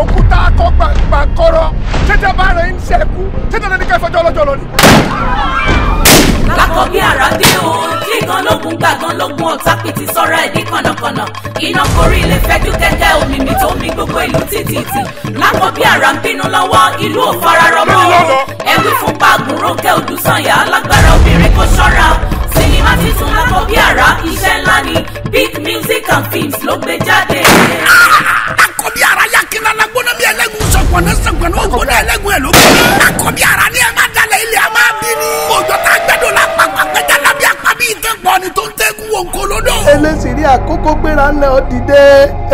òkúta akọ gbàǹkọrọ tètè bá rẹ ń ṣẹkú tètè lẹni ká ìfọjọ ọlọjọ lọ ni. lákọ̀ bí ara dé o tí gan lógun gbàgán lógun ọ̀tá pìtì sọ́ra ẹ̀dí kànnàkànnà iná korí ilé fẹ́jú kẹ́kẹ́ omi mi tó mi gbogbo ìlú títìtì lákọ̀ bí ara ń bínú lọ́wọ́ ìlú ò fararọ́ mọ́ ẹ̀wí fún paagun rókè odùsànyà alágbára obìnrin kò ṣọ́ra sinimá titun lákọ̀ bí ara iṣẹ́ ńlá ni big music and films ló gbé jáde gbóná bí ẹlẹ́gùn sọ̀kọ̀ ní sọ̀kọ̀ ní ògbóná ẹlẹ́gùn ẹ̀ ló bí. àkọ́bí ara ni ẹ máa dalẹ̀ ilé a máa bí ni. òjò tá a gbẹ́dọ̀ la pàpà pẹ́jà lábí àpábí ìtẹ́pọ̀ ni tó ń tẹ́kun wọn kó lódò. eléṣìírí àkókò gbéra ńlẹ̀ ó dìde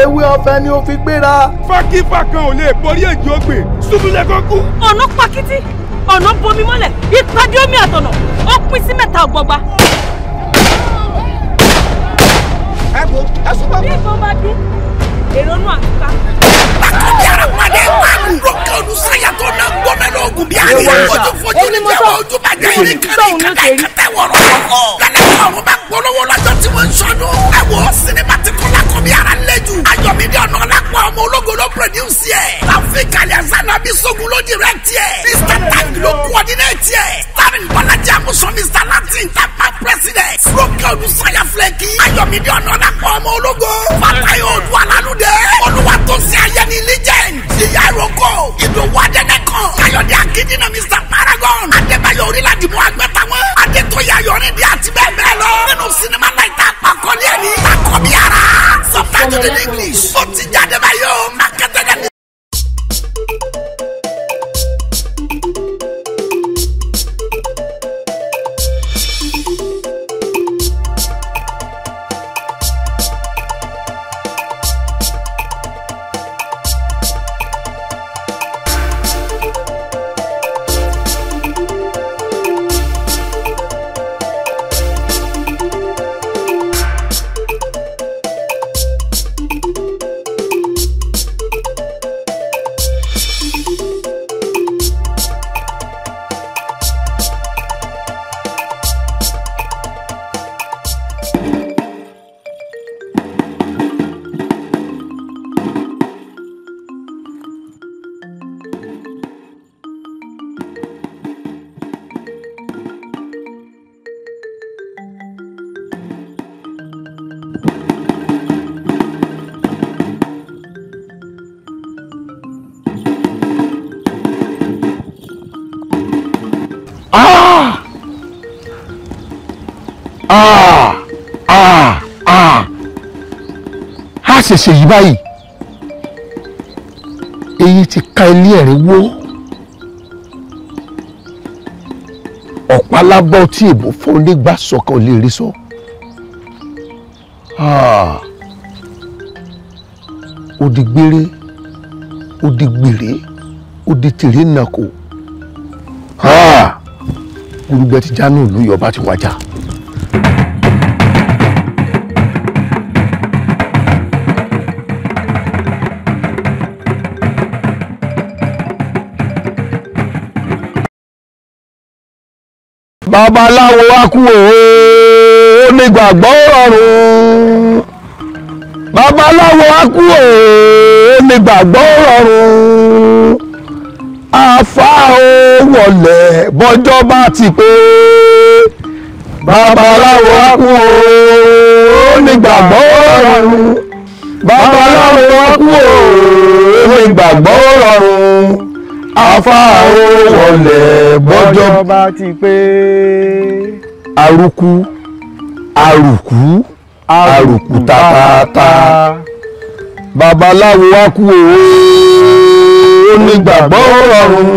ewé ọ̀fẹ́ ni ó fi gbéra. fákífà kan ò lè borí èjì ògbè súnmílẹ̀ kan kú. ọ̀nà pakiti ọ̀nà bomi mọ́lẹ̀ ìpàdé omi àtọ̀nà ó pín sí mẹ́ta ọ̀gbọ̀gba. ẹ wo ẹ sọ fún bí ìbọn bá dún èrònú àtúkà. yàrá mọ̀dé máa ń lọ kí olùsọ̀yà ogun bí àlè ojú fojú ní jẹ́wọ́ ojú bá jẹ́ ìrìn kárí kàkà ìkàtà ìwọ̀rọ̀ lọ́kọ̀ lálẹ́ ọ̀run bá polówó lọ́jọ́ tí wọ́n ń sọdún ẹ̀wọ̀ sinimá ti kọ́lá bí ara lé jù. ayọ̀mídé ọ̀nà ọ̀làpọ̀ ọmọ ológo ló produce yẹ. rafik aliasana bisogun ló direct yẹ. mr tang ló coordinate yẹ. starring bọ́lájà àkóso mr latin tapa president. roke olùsọ̀yà flẹ́kì. ayọ̀mídé ọ̀nà ọ̀làpọ̀ ọmọ ológo. fatayo odu alalude. olúwa tó ṣe ayé legend. ìyá ìrókò ìdòwò adẹnẹkan. ayọ̀dẹ akíndínà mr paragon. adébáyọ̀ orílẹ̀-àdìmọ̀ àgbẹ̀tàwọn. adétòyà yọrin bí àti bẹ́ẹ̀ bẹ́ẹ̀ lọ. nínú sinimá náà ìta àpàkọ́lé ẹni. àkọ́bí ara sọ fún mi ní english. ó ti jáde báyọ̀ màkàtà dání ṣèṣe yìí báyìí èyí ti ka ilé ẹ̀rí wó ọ̀pá lábọ́ tí èbó fún nígbà sọ̀kan lè rí sọ. Ah. ó di gbére ó di gbèrè ó di tèrè nàkó ah. gbùrùgbẹ́ ti já náà lóyún ti wájà. babaláwo wá kú òó onígbàgbọ́ rọrùn babaláwo wá kú òó onígbàgbọ́ rọrùn afá o wọlé bọ́jọ́ bá ti pé babaláwo wá kú òó onígbàgbọ́ rọrùn babaláwo wá kú òó onígbàgbọ́ rọrùn afá ó wọlé bọ́jọ́ bá ti pé. arúkú arùkú arùkú tàtàtà babaláwo wá kú òwe ó ní gbàgbọ́ rọrùn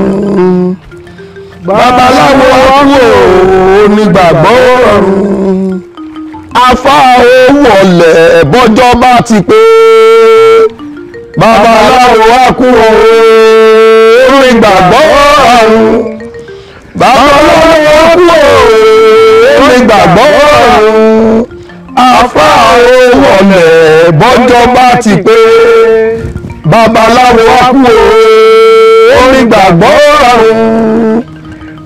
babaláwo wá kú òwe ó ní gbàgbọ́ rọrùn afá ó wọlé bọ́jọ́ bá ti pé. babaláwo wá kú ooo orin gbàgbọ́ ọ̀run babaláwo wá kú ooo orin gbàgbọ́ afá bá ti pé babaláwo wá kú ooo orin gbàgbọ́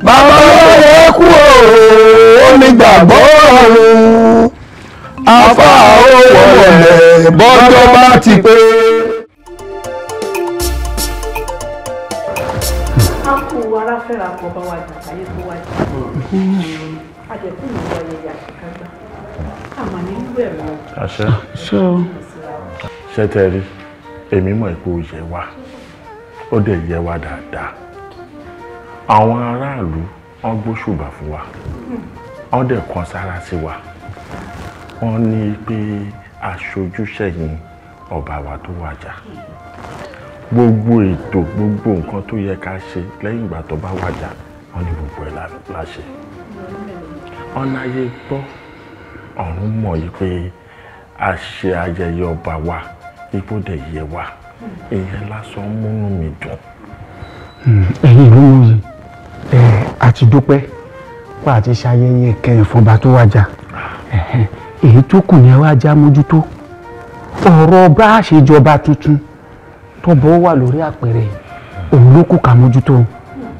babaláwo wá kú ooo orin gbàgbọ́ afá bá ti pé. fẹ́ra kọ bá wa jà káyé tó wá jà a jẹ kí ìwọ ayẹyẹ àṣekágbá a mà ní irú ẹ̀ mọ́. àṣẹ ṣe tẹ rí èmi mọ̀ pé yẹ wá ó dẹ̀ yẹ wá dáadáa àwọn aráàlú wọ́n gbóṣùbà fún wa wọ́n dẹ̀ kan sára sí wa wọ́n ní pé aṣojú ṣẹ̀yìn ọba wa tó wájà. Mm gbogbo ètò gbogbo nǹkan tó yẹ ká ṣe lẹ́yìn ìgbà tó bá wájà wọ́n ní gbogbo ẹ̀ la ṣe. ọ̀nà ayé gbọ́ ọ̀run mọ̀ yìí pé a ṣe ayẹyẹ ọba wa ipò dẹ̀ yẹ wa ìyẹn lásán múnú mi dùn. Hmm, ẹ̀yin ìlú wọ̀nyí àti dúpẹ́ pa àti ṣayẹyẹ kẹyìn fúnba tó wájà èyí tó kù ni ẹ wá já mójútó ọ̀rọ̀ bá a ṣe jọba tuntun tọ́bọ̀ wà lórí àpẹẹrẹ òun ló kù ká mójútó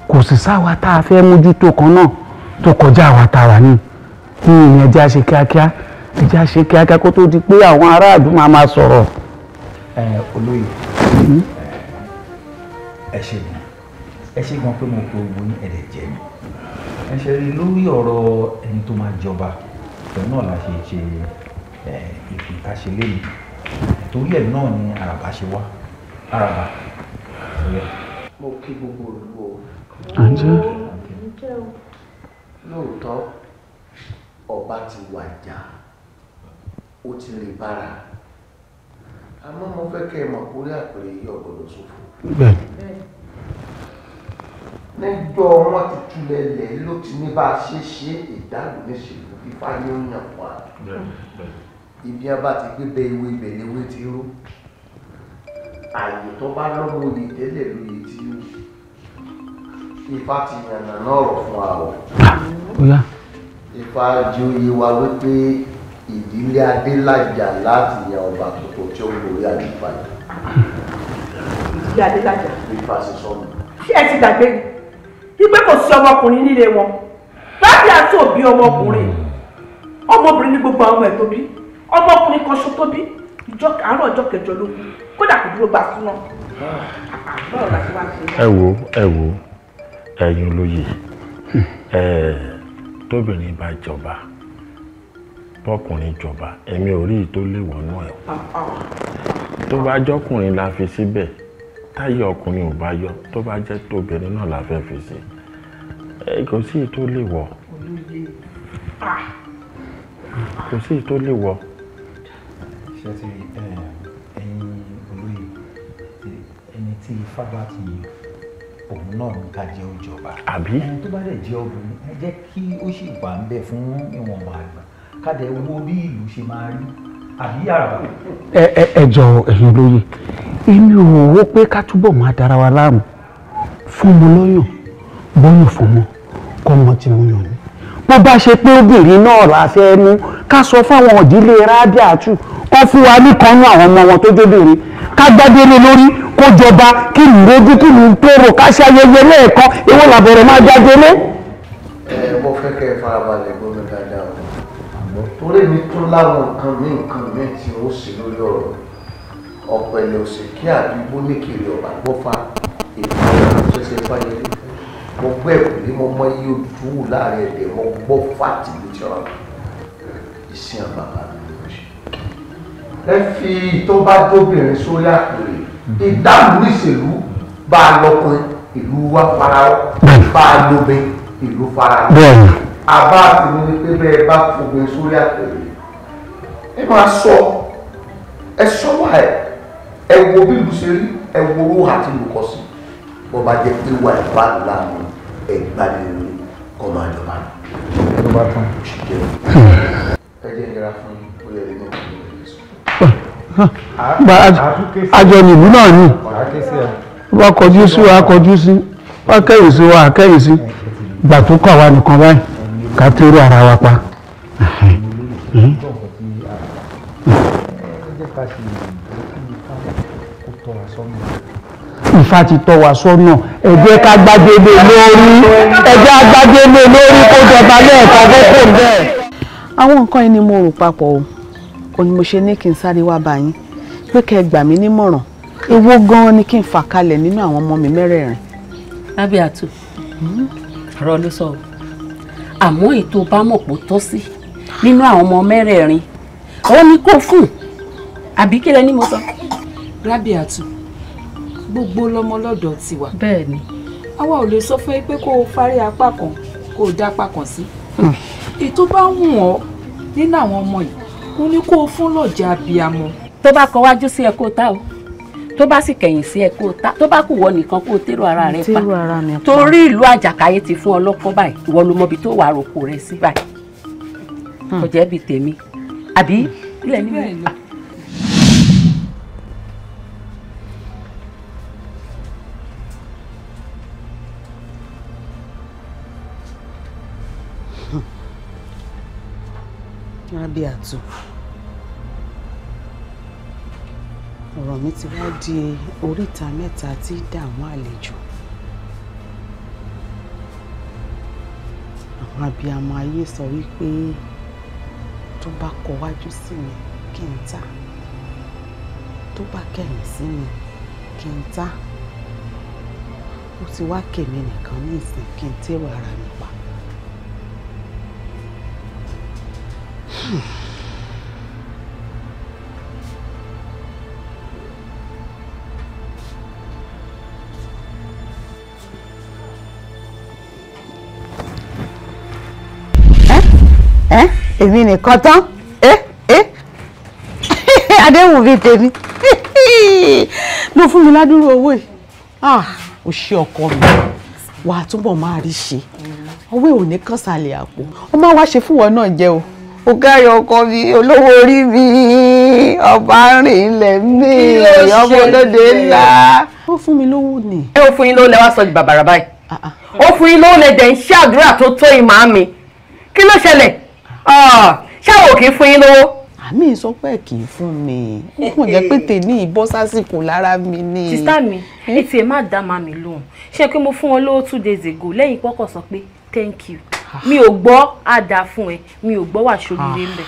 kò sì sáwa tá a fẹ́ mójútó kan náà tó kọjá àwa tá a wà ní ní ìyẹn ẹjẹ́ àṣe kíákíá ẹjẹ́ àṣe kíákíá kó tó di pé àwọn aráàlú máa máa sọ̀rọ̀. ẹ olóyè hmm? ẹ ṣe mi ẹ ṣe gan pé mo pe owó ní ẹ̀rẹ̀ jẹ́ mi ẹ ṣe rí lórí ọ̀rọ̀ ẹni tó máa jọba òun náà la ṣe ṣe ìpìtàṣe lẹ́yìn torí ẹ̀ náà ni àràbà ṣe wá. Araba. Mo kí gbogbo olùgbò. Àǹjẹ́. Lóòótọ́, ọba ti wàjà, ó ti rí bára. Àmọ́ mo fẹ́ kẹ́ ẹ mọ̀ kórí àpèrè yìí ọ̀gbọ́dọ̀ ṣòfò. Bẹ́ẹ̀ni. Níjọ́ wọn ti túlẹ̀ lẹ̀ ló ti ní bá a ṣe ṣe ìdálò Ibi a bá ti gbé bẹ ewé àyè tó bá lọ́wọ́ oyè délé lóye tí ó ifá ti yànnà náà rọ̀ fún wa o. ifá ju oyè wa wípé ìdílé adélájà láti yan ọba tuntun tí ó ń lórí àdìpá yìí. ìdílé adélájà. ifá ti sọ mi. ṣé ẹ ti gbàgbé wípé kò sí ọmọkùnrin nílé wọn láti àti òbí ọmọkùnrin ọmọbìnrin ní gbogbo àwọn ẹ̀ tó bí ọmọkùnrin kan ṣo tó bí ìjọ àárọ̀ ọjọ́ kẹjọ ló kú kódà kò dúró gba súná. ẹ wo ẹ wo ẹ̀yin olóye ẹ tóbìnrin bá jọba bọ́kùnrin jọba èmi ò rí i tó lè wọnú ẹ tó bá jọkùnrin la fi síbẹ̀ táyé ọkùnrin ò bá yọ tó bá jẹ́ tóbìnrin náà la fẹ́ fi sí ẹ kò sí i tó lè wọ kò sí i tó lè wọ ṣẹ́tì ẹ̀yin olóyè ẹni tí ifá bá ti òun náà ń ká jẹ́ òjọba àbí ẹni tó bá dẹ̀ jẹ́ obìnrin ẹ jẹ́ kí ó sì wà ń bẹ̀ fún ìwọ̀nba àgbà ká dẹ̀ wo bí ìlú ṣe máa rí àbí àrà. ẹ ẹ ẹ jọ ẹ̀yin olóyè èmi ò wò pé ká túbọ̀ máa dára wa láàmú fún ọmọ lọ́yàn bọ́yàn fún ọmọ kọ́ ọmọ tí mo yàn ní bó bá ṣe pé obìnrin náà la fẹ́ mú ká sọ fáwọn ìdílé Rábíàtù kó fún wa ní kanú àwọn ọmọ wọn tó jóbìnrin ká gbádélé lórí kó jọba kí lù rojú kí lù tóró ká ṣe ayẹyẹ lẹ́ẹ̀kan èwo làbọ̀rọ̀ máa gbádélé. ẹ mo fẹ́ kẹ́ ẹ farabalẹ̀ gbóná dáadáa o torí mi tó láwọn nǹkan mí nǹkan mí tí ó sì lórí ọ̀rọ̀ ọ̀pẹ̀lẹ̀ òsì kí àdúgbò ní kiri gbọ́fà ìfọwọ́ mo gbọ́ ẹ̀kúlé mo mọ iye òdúwù láàrin ẹ̀dẹ̀ mo gbọ́ fáàtì ló ti rán ìsìn àbàbà mi ló ṣe. ẹ fi tó bá dóbìnrin sórí àpèrè ìdáhùn ìṣèlú bá a lọkùnrin ìlú wa farawọ bá a lóbin ìlú farawọ àbá àtìmí ni pé bẹ́ẹ̀ bá fògbin sórí àpèrè ẹ máa sọ ẹ sọ wà ẹ ẹ wo bí ìlú ṣe rí ẹ wo owó àti ìlú kọ sí wọ́n bá jẹ́ pé wà ìbá làwọn ẹ̀gbá nínú ọmọ àjọba. ló bá tán. ẹ jẹ́ ìlera fún oyè nínú àjọ nìlú náà ni wọ́n kọjú sí wa kọjú sí wọ́n kẹ́yìn sí wa kẹ́yìn sí ìgbà tó kọ̀ wá nìkan báyìí ká tẹ́rù ara wa pa. Thank you. Ifá ti tọ́ wa sọ́nà ẹ jẹ́ ká gbàgede lórí ẹ jẹ́ ká gbàgede lórí kó jọba lẹ́ẹ̀kan kókó bẹ́ẹ̀. àwọn nǹkan yìí ni mo rò papọ̀ o kò ní mo ṣe ní kí n sáré wá bá yín pé kẹ́ ẹ gbà mí nímọ̀ràn èwo gan-an ni kí n fà kalẹ̀ nínú àwọn ọmọ mi mẹ́rẹ̀ẹ̀rin. lábẹ́ àtò ọ̀rọ̀ ló sọ o àmọ́ ètò bá mọ̀ pò tọ́ sí nínú àwọn ọmọ mẹ́rẹ̀ẹ̀rin ó ní kó fún àbí kílẹ̀ ni mo sọ lábẹ́ àtò gbogbo lọmọ lọ́dọ̀ tiwa. bẹ́ẹ̀ni. àwa ò lè sọ fún yín pé kó o fárí apá kan kó o dá apá kan sí. Hmm. ètò bá wù ọ́ nínú àwọn ọmọ yìí mo ní kó o fún lọ́jà abiyamọ. tó bá kọ wájú sí ẹ kó ta o tó bá sì kẹ̀yìn sí ẹ kó ta tó bá kù wọ nìkan kó o tèrò ara rẹ pa torí ìlú àjàkáyé ti fún ọlọ́kọ́ báyìí ìwọ ló mọbi tó wàá roko rẹ sí báyìí hmm. kò jẹ́ bíi tèmi àbí ilẹ̀ níbi. bí àtò ọ̀rọ̀ mi ti wá di oríta mẹ́ta tí dààmú àlejò àwọn abiyamọ ayé sọ wípé tó bá kọwájú sí mi kí n ta tó bá kẹ̀yìn sí mi kí n ta ó ti wá kèmí nìkan ní ìsìn kí n tẹ̀wọ̀ ara mi pa. Eh? Eh? èmi nìkan tán ẹ eh? ẹ adéhùn bíi tèmi ló fún mi ládùúrú owó yìí ah ò ṣe ọkọ mi wàá túbọ̀ máa rí ṣe ọwọ́ ò ní kàn sálẹ̀ àpò ọmọ wa ṣe fún wọn náà jẹ́ o ó káyọ̀ ọkọ mi olówó orí mi ọba rìn ilẹ̀ mi ọmọ olóde ńlá. ó fún mi lówó ni. ẹ ó fún yín lówó lẹ wá sọ di bàbàrà báyìí ó ah, ah. fún yín lówó lẹ dẹ̀ ń ṣe àdúrà tó tó ìmọ̀ mi kí ló ṣẹlẹ̀ ah, ṣáà ò kì í fún yín lówó àmì sọ pé kì í fún mi ó kàn jẹ́ pé tèmi ìbọn sásìkò lára mi ni. sísá mi etí eh? ẹ má dá màmí lóhùn ṣé pé mo fún wọn lówó two days ago lẹ́yìn pọ́kọ̀ sọ pé thank you Ah. mi ò gbọ́ àdá fún ẹ mi ò gbọ́ wà sóríire ń bẹ.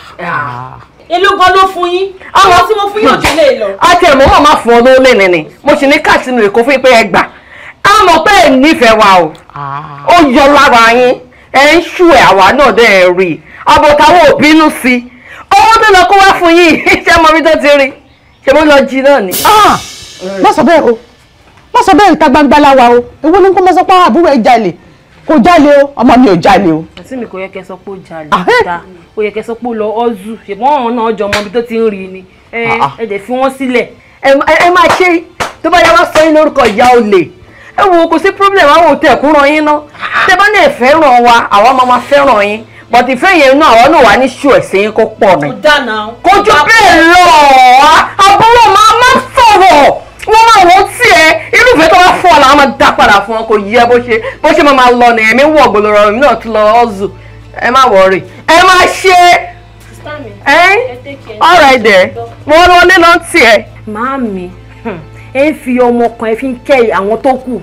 èló gan ló fún yín ọ̀rọ̀ tí mo fún yín òjò lè lọ. a ti ẹ̀mọ́ wọn máa fún ọ lóore nìní mo sì ní káàtì nù èkó fún pé ẹ gbà á mọ̀ pé ẹ nífẹ̀ẹ́ wa o ah. ó yọ lára yín ẹ ń ṣú ẹ àwa náà dẹ́ ẹ rí i àbọ̀tàwọ̀ òbínú sí i owó tó lọ kó wá fún yín ṣé mo rí tó ti rí ṣé mo lọ jí náà ni. Ah! má sọ bẹ́ẹ̀ o má sọ bẹ́ẹ̀ ìta gbangba la wa o èwo ló ń mọ́sọ́pá àbúrò ẹ̀ jalè kò jalè o ọmọ mi ò jalè o. àti mi kò yẹ kẹ́ sọ pé ó jalè dáa kò yẹ kẹ́ pé ó lọ ọzù ṣùgbọ́n ọ̀hún náà jọ ọmọ ibi tó ti ń rí ni ẹ ah, ah. dẹ̀ fi wọ́n sílẹ̀. ẹ máa ṣe tó bá yá wá sọ yín lórúkọ ìyá olè ẹ wo kò sí problem àwọn òtẹ kúrọ yín ná tẹ bá náà fẹ́ràn wa àwa máa máa fẹ́ràn yín but ìfẹ́ yẹn náà àwọn náà wà ní ṣù ẹ̀sẹ̀ yín kó pọ̀ ni. kò jù bẹ́ẹ̀ lọ wọ́n máa wọ́n tì ẹ́ irúfẹ́ tó bá fún ọ làwọn máa dá padà fún ọ kò yẹ bó ṣe bó ṣe máa lọ nìyẹn mi wọ̀ gbòòrò mi náà ti lọ ọ̀zù ẹ má wọ̀rì ẹ má ṣe ọ̀rọ̀ ẹ̀dẹ̀ wọ́n wọlé lọ tì ẹ́. Màámi ẹ ń fi ọmọ kan ẹ fi ń kẹ́ àwọn tó kù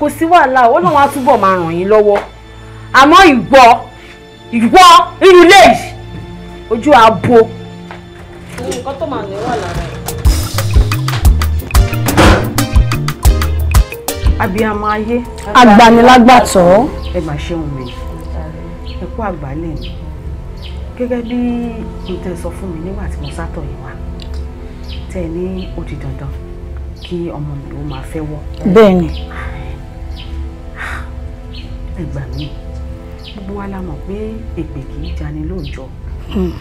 kò sí wàhálà ó lọ́wọ́ á túbọ̀ máa ràn yín lọ́wọ́ àmọ́ ìgbọ́ ìwọ inú ilé yìí ojú àbò. nǹkan tó máa ní wà lára ẹ̀. abiyamọ ayé. agbanilágbàtọ́. ẹ máa ṣeun mi ẹ kú àgbálẹ̀ mi gẹ́gẹ́ bí n tẹ sọ fún mi nígbà tí mo sátọ̀ yìí wá tẹ ní ó di dandan kí ọmọ mi ó máa fẹ́ wọ́. bẹ́ẹ̀ ni. ẹ gbà mí gbogbo wa la mọ̀ pé èpè kì í jani lóòjọ́ hmm.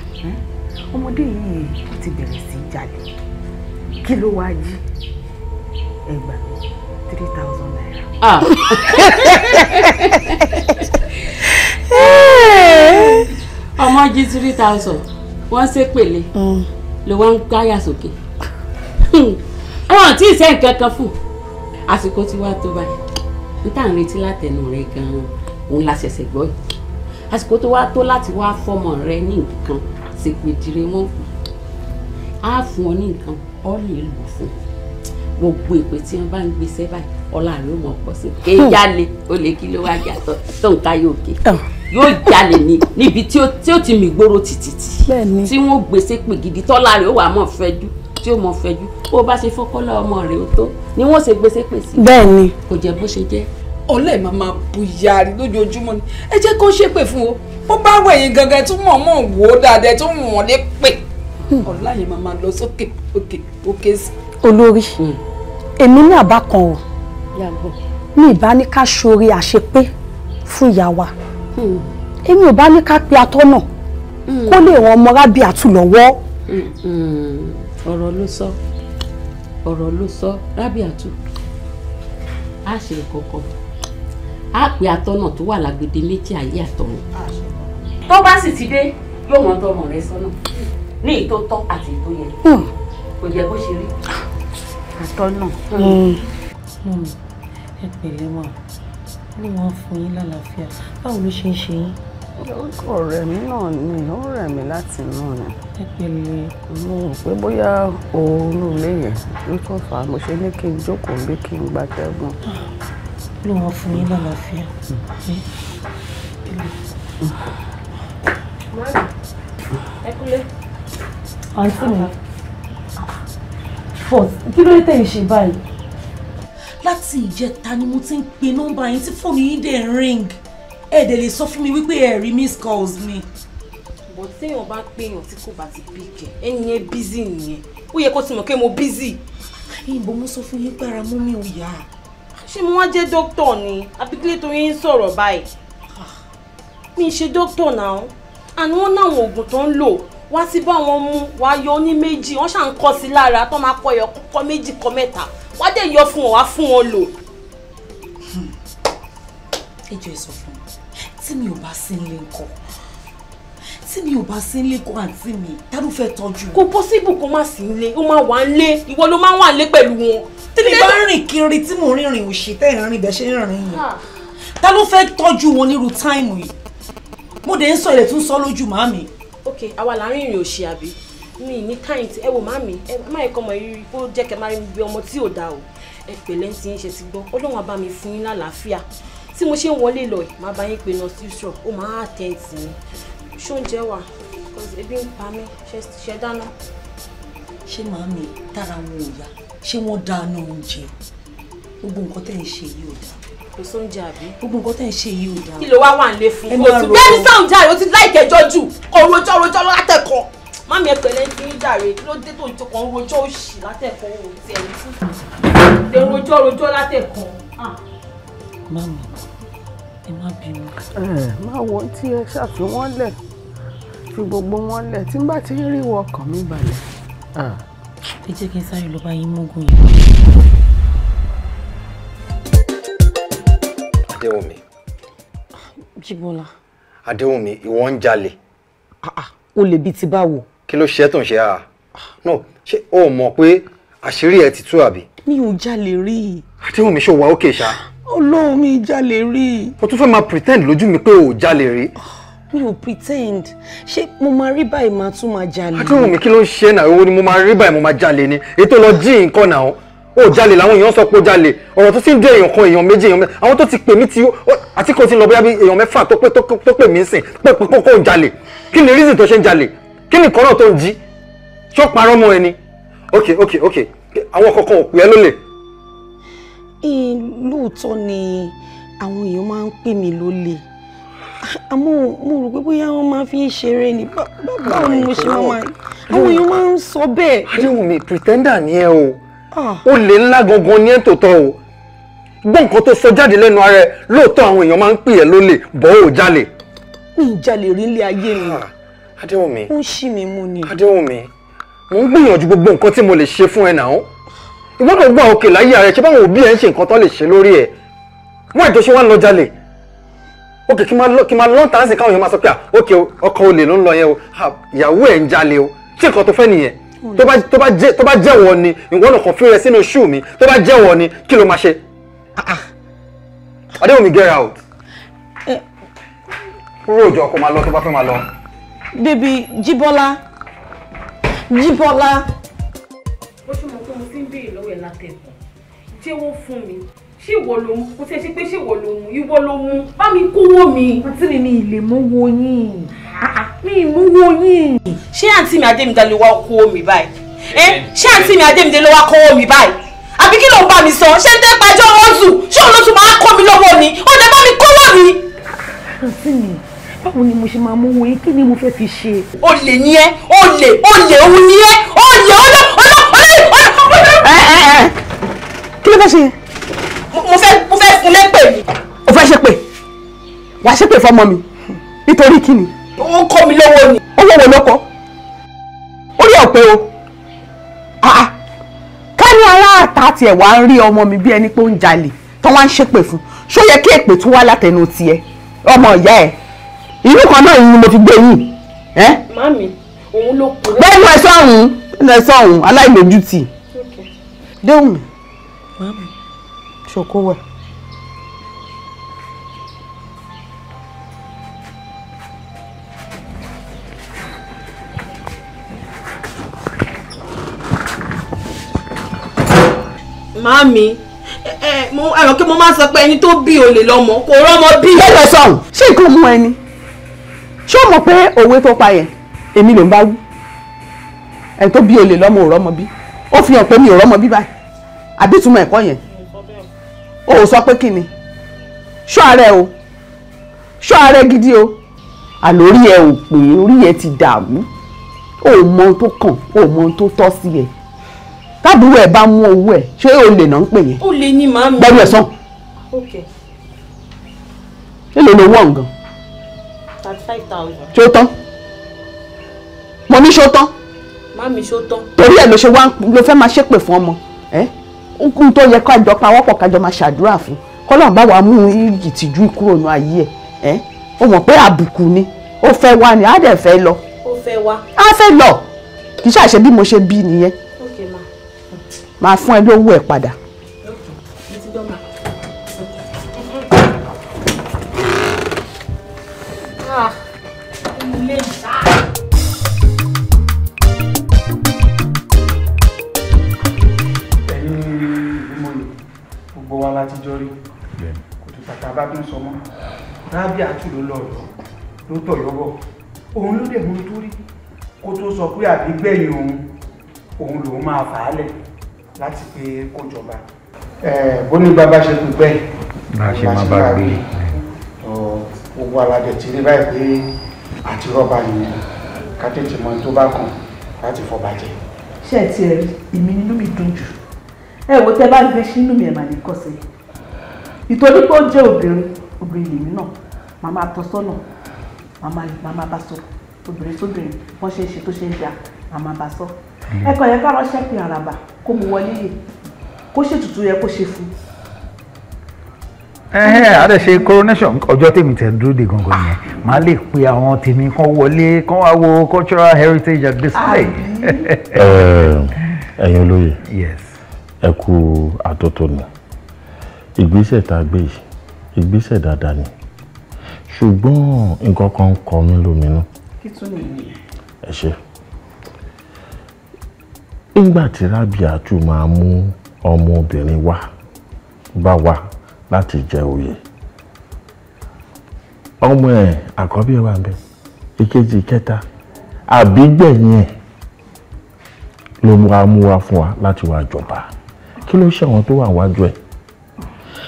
ọmọdé yìí ti bẹ̀rẹ̀ sí í jalè kí ló wáá jí ẹ gbà mí three thousand naira. ọmọ jí three thousand wọ́n ṣe pẹ̀lẹ́ mm. ló wá ń káyà sókè wọn tí ì sẹ́ nǹkan kan fún àsìkò tí wàá tó báyìí n tá à ń retí látẹnu rẹ gan-an òun la ṣẹ̀ṣẹ̀ gbọ́ yìí àsìkò tó wàá tó láti wá fọmọ rẹ ní nǹkan ṣègbèdìrẹ wọn á fún ọ ní nǹkan ọ lè lò fún un gbogbo ìpè tí wọn bá ń gbèsè báyìí ọlá rẹ ó mọ pọ̀ sí i kéjà ni ó lè kí ló wá jà tó tó ń káyọ òkè yóò jalè ní níbi tí ó ti mì gbóró tìtìtì tí wọn gbèsè pè gidi tọ́lá rẹ ó wà mọ̀ fẹ́jú tí ó mọ̀ fẹ́jú bó bá ṣe fọ́kọ́lá ọmọ rẹ ó tó ni wọn ṣe gbèsè pè sí. bẹ́ẹ̀ ni kò jẹ bó ṣe jẹ. ọlẹ́ màá máa bu yàrá lójoojúmọ́ ni ẹ jẹ́ kó ṣépè fún o bó bá wẹ̀yìn gangan tó mọ̀ mọ̀ wò ó dáadáa tó wọ̀n lé pè hmm. ọ̀la yẹn máa máa lọ sókè òkè òkè sí i olórí hmm. èmi ní àbá kan o mi ìbá ní ká ṣoore àṣepé fún ìyá wa hmm. èmi ò bá ní ká pe atọ́nà hmm. kó lè ran ọmọ rábì àtúlọ́wọ́. ọ̀rọ̀ ló sọ ọ̀rọ̀ ló sọ rábì àtú á ṣe kọ̀ọ̀kan á pe atọ́nà tó wà lágbèdè méjì ayé àtọ̀run. tó bá sì ti dé yóò mọ ọdọ ọmọ rẹ sọ́nà ní ètò tọ́ àti ètò yẹ kò yẹ bó ṣe rí àtọ́ náà. Hmm. Hmm. ẹ pẹ̀lẹ́ mọ̀ ní wọ́n fún yín lálàáfíà báwo ló ṣe ń ṣe yín. orúkọ rẹ̀ mí náà ni ó rẹ̀ mí láti inú rẹ̀. ẹ pẹ̀lẹ́. mo rò pé bóyá oorun ilé yẹn ló tó fà á mo ṣe ní kí n jókòó bí kí n gbatẹ́gùn. ló wọ́n fún yín lálàáfíà. ẹ kúlẹ̀. àǹtí mi fault kí ló dé tẹ̀ ń ṣe báyìí. láti ìjẹta ni mo ti ń pe nọ́mbà yín tí fóònù yín dẹ̀ ń ring ẹ dẹ̀ lè sọ fún mi wípé ẹ rí miss calls mi. bọ̀ téèyàn bá péyàn tí kò bá ti pìkẹ́ ẹni yẹn bízì nìyẹn ó yẹ kó ti mọ̀ pé mo bízì. ìbò mo sọ fún yín gbára mú mi ò yá. ṣé mo wá jẹ́ dókítà ni àbíkílẹ̀ tó yín sọ̀rọ̀ báyìí. Ah. mi ṣe dókítà náà àná wọn náà àwọn oògùn tó ń lò wá ti bá wọn mú wá yọ ní méjì wọn ṣà ń kọ sí lára tó máa kọ ẹyọ kọ méjì kọ mẹ́ta wá dé yọ fún wọn wá fún wọn lò. ẹjọ ẹ sọ fún mi tí mi ò bá sí nílé ńkọ́ tí mi ò bá sí nílé kó àǹtí mi dárú fẹ́ tọ́jú. kò pọ́síbù kó má sí nílé ó máa wà nílé ìwọ ló máa wà nílé pẹ̀lú wọn. tí mi bá rìn kiri tí mo rìnrìn òṣì tẹ́ ẹ̀ rìn bẹ́ẹ̀ ṣe ń rìn yìí ta fẹ́ tọ́jú wọn nírú táìmù yìí mo dẹ̀ ń sọ ilẹ̀ tún sọ lójú màmí ok àwa là ń rìn ìrìn òṣì àbí mi ní kind ẹ wò má mi ẹ má ẹ̀kọ́ ọmọ ìrírí kó jẹ́ kẹ́ má rí mi bí ọmọ tí ò dáa o ẹ pẹ̀lẹ́ ti ń ṣe ti gbọ́ ọlọ́run á bá mi fún yín lálàáfíà tí mo ṣe ń wọlé lọ yìí má bá yín pe nọ sí ṣọ ó máa attend sí mi ṣóúnjẹ wà ebi ń pa mí ṣe dáná. ṣé màámi tára wọn ò yá ṣé wọ́n dáná oúnjẹ gbogbo nǹkan tẹ́ ń ṣe yìí ò dáa kò sóúnjẹ àbí. gbogbo nǹkan tẹ̀ ń ṣe yìí ò dáa. kí ló wá wà nílé fún. ẹ máa rò ó bẹ́ẹ̀ni sáwọn ti láìkẹ́ jọjú kò rojọ́ rojọ́ látẹ̀kọ́. mami ẹ̀pẹ̀ lẹ́yìn kí n jàre kí ló dé tó ìjọ kan rojọ́ òṣì látẹ̀kọ́ òun ti ẹ̀ tú. lè rojọ́ rojọ́ látẹ̀kọ́. Ah. mami ẹ má bínú. ẹ má wo tí ẹ ṣàfihàn fi gbogbo wọn lẹ tí n bá ti rí wọ ọkàn mi balẹ̀. ẹ jẹ́ kí n sáré lọ bá yín mógún Adéwùmí. Jíbọ́lá. Adéwùmí ìwọ ń jalè. Ah, ah, o lè bíi ti báwo. Kí ló ṣe é tó ń ah, No, ṣé o mọ̀ pé àṣírí ẹ ti tú àbí? Mi ò jalè rí. Adéwùmí ṣó wa ókè ṣá. Ọlọ́run mi jalè rí. O tún fẹ́ máa pretend lójú mi pé o ò jalè Mi ò pretend. Ṣé mo máa rí báyìí máa tún máa jalè? Adéwùmí kí ló ń ṣe náà? Èwo ni mo máa rí báyìí mo máa jalè ni? Ètò lọ jí nǹkan náà ó jalè làwọn èèyàn sọ pé ó jalè ọ̀rọ̀ tó ti ń dún èèyàn kan èèyàn méjì èèyàn mẹ́ta àwọn tó ti pè mí ti àti kò ti lọ bóyá bí èèyàn mẹ́fà tó pé tó pè mí sìn pé pé kó jalè kí ni reason tó ṣe ń jalè kí ni kọ́nà tó ń jí ṣó parọ́ mọ́ ẹni ok ok ok àwọn kankan ò pè ẹ́ lólè. lóòótọ́ ni àwọn èèyàn máa ń pè mí lólè àmọ́ mo rò pé bóyá wọ́n máa fi ń ṣeré ni báwo ni mo ṣe máa àwọn èèyàn máa ń sọ bẹ́ẹ̀. adéwùmí pretender ni ẹ o. Ah. olè ńlá gangan ní ẹ̀ńtòtọ́ o gbọ́ tó sọ jáde lẹ́nu ara ẹ lóòótọ́ àwọn èèyàn máa ń pè ẹ́ lólè bọ́ ò jalè. mi ì jalè rí ilé ayé mi. Ah, adéwùmí ó ń ṣí mi mú ni. adéwùmí mo ń gbìyànjú gbogbo nǹkan tí mo lè ṣe fún ẹ náà ìwọ gbọ́ òkè láyé ara ẹ ṣé báwọn òbí ẹ ń ṣe nǹkan tán lè ṣe lórí ẹ wọ́n ìjọ ṣe ń lọ jalè òkè kí n máa lọ́ntà á sì káwọn èèyàn máa sọ pé òkè ọkọ olè ló ń lọ yẹn o ìyàwó ẹ̀ ń jalè o ṣé nǹkan tó fẹ́ nìyẹn tó bá tó bá jẹ́ tó bá jẹ́ wọ ni ìwọ náà kàn fi rẹ sínú ṣú mi tó bá jẹ́ wọ ni kí ló máa ṣe. Ah, ah. Adéwùmí get out. Eh. Kúrò òjò ọkọ̀ máa lọ tó bá fẹ́ máa lọ. Bébí Jíbọ́lá Jíbọ́lá. Bó ṣe mọ̀ pé mo ti ń béèrè lọ́wọ́ ẹ̀ látẹ̀kùn, jẹ́wọ́ fún mi ṣé ìwọ ló mú kó tẹ́ ṣe pé ṣé ìwọ ló mú ìwọ ló mú bá mi kówó mi. Àǹtí mi ni ìlè mú wo yín mi ìmúwó yìí. ṣé àǹtí mi adémidá ló wá kó mi báyìí ṣé àǹtí mi adémidá ló wá kó mi báyìí àbí kí ló ń bá mi sọ ṣé ń tẹ́ pàjọ́ rọ́ọ̀sù ṣé òun ló tún máa kọ́ mi lọ́wọ́ ni ó lè bá mi kówó mi. àǹtí mi báwo ni mo ṣe máa mú wọn kí ni mo fẹ́ fi ṣe. o lè ní ẹ o lè o lè òun ní ẹ o lè ọlọ ọlọ ọlọ ọlọ. kí ló fẹ́ ṣe. mo fẹ́ mo fẹ́ fún lẹ́pẹ̀. o fẹ́ ṣe pé wàá ṣépè fọmọ mi nítorí kí ni ó ń kọ́ mi lọ́wọ́ ni. ó lọ́wọ́ ló kọ́ ó rí ọ̀pẹ o ah, ah. ká ní aláàtà tiẹ̀ wá ń rí ọmọ mi bí ẹni pé ó ń jalè tó wá ń ṣépè fún ṣó yẹ kí èpè tún wá látẹnu tiẹ̀ ọmọ ìyá ẹ̀ ìlú kan náà ni mo fi gbé yìí. mami òun ló kú. bẹ́ẹ̀ ni ẹ sọ̀hún ẹ sọ̀hún aláìlójútì. déhùn mi ṣòkó wẹ̀. Mami, ẹ mo ẹ̀rọ kí mo máa sọ pé ẹni tó bí olè lọ́mọ kò rọ́mọ bí. Bẹ́ẹ̀ lọ sọ̀rọ̀, ṣé nǹkan mú ẹni? Ṣé o mọ̀ pé òwe tó pa yẹn? Èmi ló ń bá wí. Ẹni tó bí olè lọ́mọ ò rọ́mọ bí. Ó fi hàn pé mi ò rọ́mọ bí báyìí. Àbí ìtumọ̀ ẹ̀kọ́ yẹn? O ò sọ pé kí ni? Ṣọ́ ààrẹ o. Ṣọ́ ààrẹ gidi o. Àlórí ẹ ò pé orí ẹ ti dààmú. O ò mọ ohun tó kàn, o ò mọ ohun tó tọ́ sí ẹ tábùrù ẹ̀ bá mú owó ẹ̀ ṣé o lè náà ń pè yẹn. o lè ní màámi. gbẹ́rù ẹ̀ sàn. èlò lówó ọ̀ngàn. thirty five thousand. ṣé ó tán mo ní ṣó tán. màámi ṣó tán. torí ẹ̀ ló ṣe wá ló fẹ́ máa ṣépè fún ọmọ ẹ̀ nkún tó yẹ kájọ pawọ́pọ̀ kájọ máa ṣàdúrà fún kọ́lọ́n bá wa mú ìtìjú kúrò nù ayé ẹ̀ ó mọ̀ pé àbùkù ni ó fẹ́ wá ni á dẹ̀ fẹ́ lọ. ó fẹ́ wá. á fẹ́ lọ kì í ṣàṣẹ bí mo ṣe bí nìyẹn máa fún ẹ lówó ẹ padà. rábíà tù ló lọ rọ ló tọ̀ yọ́bọ̀ òun ló dẹ̀ mú tó rí kó tó sọ pé àbí gbẹ̀yìn òun òun lòun máa fà á lẹ̀ láti pé kó jọba bónígbà bá ṣe kú bẹ́ẹ̀ bá ṣe máa bá gbé gbogbo aládẹ ti rí báyìí pé àti rọ́bà yìí ká tètè mọ tó bá kàn láti fọba jẹ. ṣé ẹ ti ẹ rí èmi nínú mi dùn jù ẹ wo tẹ bá rí fẹsí nínú mi ẹ máa ní kọsẹ̀ nítorí pé ó jẹ́ obìnrin obìnrin lèmi náà màá máa tọ́ sọ́nà màá máa bá sọ obìnrin sóbìnrin wọ́n ṣe é ṣe tó ṣe ń da màá máa bá sọ ẹ̀kọ́ yẹn ká ránṣẹ́ pé àràbà kó mu wọlé yìí kó ṣètùtù yẹ kó ṣe fún. ẹ̀hẹ́n àdè ṣe coronation ọjọ́ tèmi tẹ̀ dúró de gangan yẹn màá lè pe àwọn tèmi kan wọlé kan wá wo cultural heritage at display. ẹ̀yin olóye ẹ kú àtótónu ìgbésẹ̀ tá a gbé yìí ìgbésẹ̀ dáadáa ni ṣùgbọ́n nǹkan kan ń kọ mí lóminú. kí tún nìyí. ẹ ṣe nígbà tí Rábíátù máa mú ọmọbìnrin wá bá wa láti jẹ oyè ọmọ ẹ̀ àkọ́bí ẹ̀ wà ń bẹ ìkejì ìkẹta àbígbẹ̀yìn ẹ̀ ló wá mú wá fún wa láti wá jọba kí ló ṣe àwọn tó wà wájú ẹ̀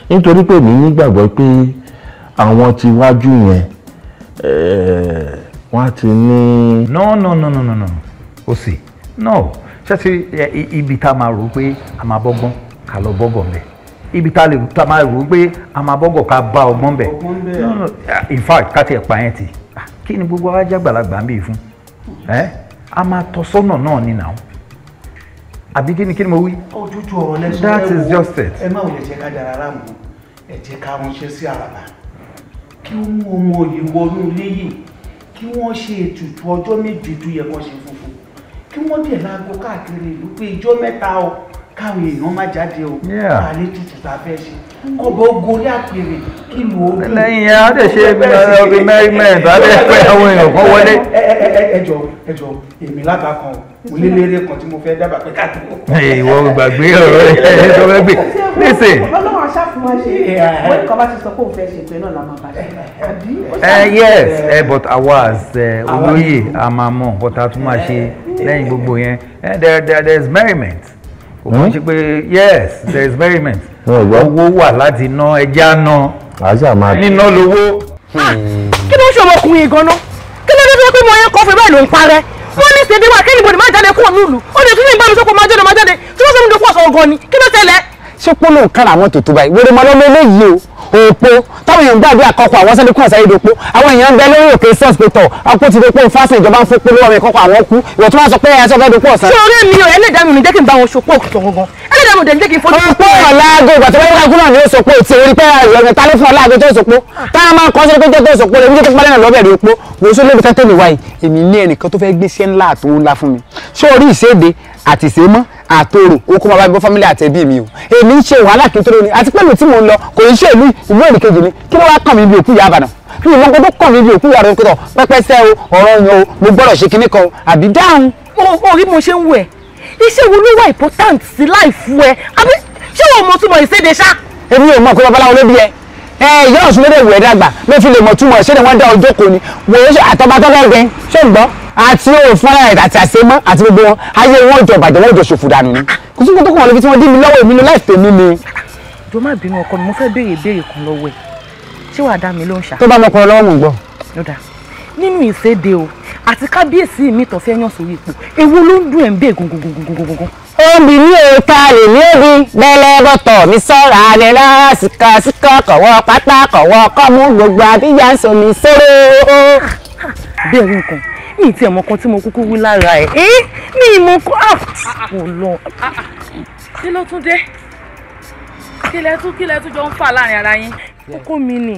nítorí pé mi nígbàgbọ́ pé àwọn ti wájú yẹn eh, wọ́n ti ní. no no no no no no o sì no. no ṣẹ́sí ibi tá a máa rò pé a máa bọ́gbọ́n ká lọ bọ́gọ̀ mbẹ̀ ibi tá a máa rò pé a máa bọ́gọ̀ ká bá ọgbọ́n mbẹ̀ in fact ká tiẹ̀ pa yẹn tì kí ni gbogbo wa jágbàlagbà ń bì fún ẹ a máa tọ́ sọ́nà náà ni nàá àbí kí ni kí ni mo wí. ojútùú ọ̀rọ̀ lẹ́sìn that is just it. ẹ má wò lè jẹ́ ká dára ara mu ẹ jẹ́ ká ránṣẹ́ sí àràbà kí wọ́n mú ọmọ yìí wọnú ilé yìí kí wọ́n ṣe ètùtù ọjọ́ méje tó yẹ ṣe fún kí wọ́n dẹ̀ láago káàkiri ìlú pé ijó mẹ́ta o káwọn èèyàn má jáde o àlè tutù tá a fẹ́ ṣe kọ̀bọ̀ ogorí àpèrè kí lu orí. lẹ́yìn yẹn á dẹ̀ ṣe ọbẹ̀ mẹ́rìmẹ́rin tó á dẹ̀ pẹ́ àwọn èèyàn kan wọlé. ẹjọ ẹjọ èmi lábàá kan o mo lé lérè kan tí mo fẹ́ dábàá pé káàkiri. ìwọ gbàgbé ọ̀rọ̀ ẹ̀ ẹ̀ tó fẹ́ gbé nísìnyí máa ṣàfihàn wa ṣe wọ́n eh, eh, eh. kọ́ bá ti sọ pé òun fẹ́ ṣe pé náà la máa bá ṣe àbí. yes uh, but awas olóyè a máa mọ ọ̀tá tún máa ṣe lẹ́yìn gbogbo yẹn there there there is merriment kò kàn hmm? ṣe pé yes there is merriment oh, owó wà láti ná ẹja ná níná lówó. Ah, kí ló ń ṣe ọmọkùnrin gan-an kí ló dé tó yẹ pé mo yẹ kọfí báyìí ló ń parẹ́ wọ́n ní sèdíwà kẹ́nìbọ̀dì má jáde kúrò nílùú ó lè tún ní ìbámu sọ́kò má jáde má jáde tí wọ́n sọ fún mi dókòwò sọ̀rọ̀ gan ni kí ló tẹ̀lé ṣé polo ń kára àwọn tòtò báyìí wèrè mọ́lọ́mọ́ eléyìí o òpó táwọn èèyàn gbàgbé àkọ́kọ́ àwọn sẹ́ni kún àṣà ìdòpó àwọn èèyàn ń bẹ lórí òkè sọ́ọ̀sìpẹ̀tọ̀ ọkọ̀ ti dòpó fásitì ìjọba ń fún polo ọmọ ìkọ́kọ́ àwọn kú ìwọ̀n tó wá sọ pé ẹ̀ sọ́fẹ́ dòpó ọ̀sán. ṣé orí mi ò ẹlẹ́dàá mi ò ní jẹ́ kí n bá wọn ṣopó òkùtọ̀ gangan ẹlẹ́dàá mi ò ní jẹ́ kí n fojú. ọ̀pọ̀ ọ̀làgò ìgbà tó bá wọ́n kúrò ní òṣòpó ti orí pé ẹ̀yọ̀ngẹ̀ ah, ta ló fún ọ̀làgò tó òṣòpó táwọn máa ń kọ́ sórí pé tó òṣòpó lè mú jẹ́ tó pálẹ̀ náà lọ́bẹ̀rẹ̀ òpó wò ó sólè mi kẹ́tẹ́ mi wáyé èmi ní ẹnìkan tó fẹ́ gbéṣẹ́ ńlá àtòwò ńlá fún mi ṣé orí ìṣèdè àtìsémọ́ àtòrò ó kó máa bá gbọ́ fámílì àtẹ̀bí mi o èmi ń ṣe wàhálà kí n tó lónìí àti pẹ̀lú tí mò ń lọ kò ń ṣe ìlú ìlú èrè kejì ni kí ló wá kàn mí bí òkú ìyá àbàdàn mi ò lọ́gbọ́dọ́ kàn mí bí òkú ìyá àbàdàn pẹ́pẹ́sẹ́ o ọ̀rọ̀ yan o mo gbọ́dọ̀ ṣe kinní kan o àbí dáhùn. o rí mo ṣe ń wẹ̀ iṣẹ́ wo ló wà important sí láìfu ẹ àbí ṣé o mọ̀ túmọ̀ mọ̀ kó ẹ ìyá ọ̀sùn lórí ìwé dàgbà ló fi lè mọ̀ túmọ̀ ṣé ni wọ́n dá ọjọ́ kò ní wò ó àtọ́bátọ́lọ́gbìn ṣé ń gbọ́ àti òfin ara ẹ̀ àti àṣemọ́ àti gbogbo wọn ayé wọn jọ bàjẹ́ wọn jọ ṣòfò dànù ni kò sí kótó kan wọn lè fi tí wọ́n dí mi lọ́wọ́ èmi ní láì tèmi ni. jọ má bínú ọkọ mi mo fẹ́ béèrè ìbéèrè kan lọ́wọ́ ẹ̀ tí wàá dá mi ló ń ṣá. tó bá mọ ọkọ lọ́wọ́ mò ń gbọ́. nínú ìséde o àti kábíyèsí mi tó fẹ́ yàn sórí ipò ewu ló ń dùn ẹ̀ ń bẹ́ẹ̀ gungungungungungun. obì ní òòta lè ní obì bẹ́lẹ́ bọ́tọ̀ mi sọ́ra rẹ̀ rárá síkà síkà kọ̀wọ́ pátá kọ̀wọ́ kọ́mú gbogbo àbíyá ń somi sóró. bẹ́ẹ̀ ni nǹkan mi ti ẹ̀mọ́ kan tí mo kúkú wí lára ẹ̀ ẹ́ mi ìmọ̀ kan kò ah! lọ. kí ló tún dé kí lẹ tún kí lẹ tún jọ ń fà láàrin ara yín kókó mi ni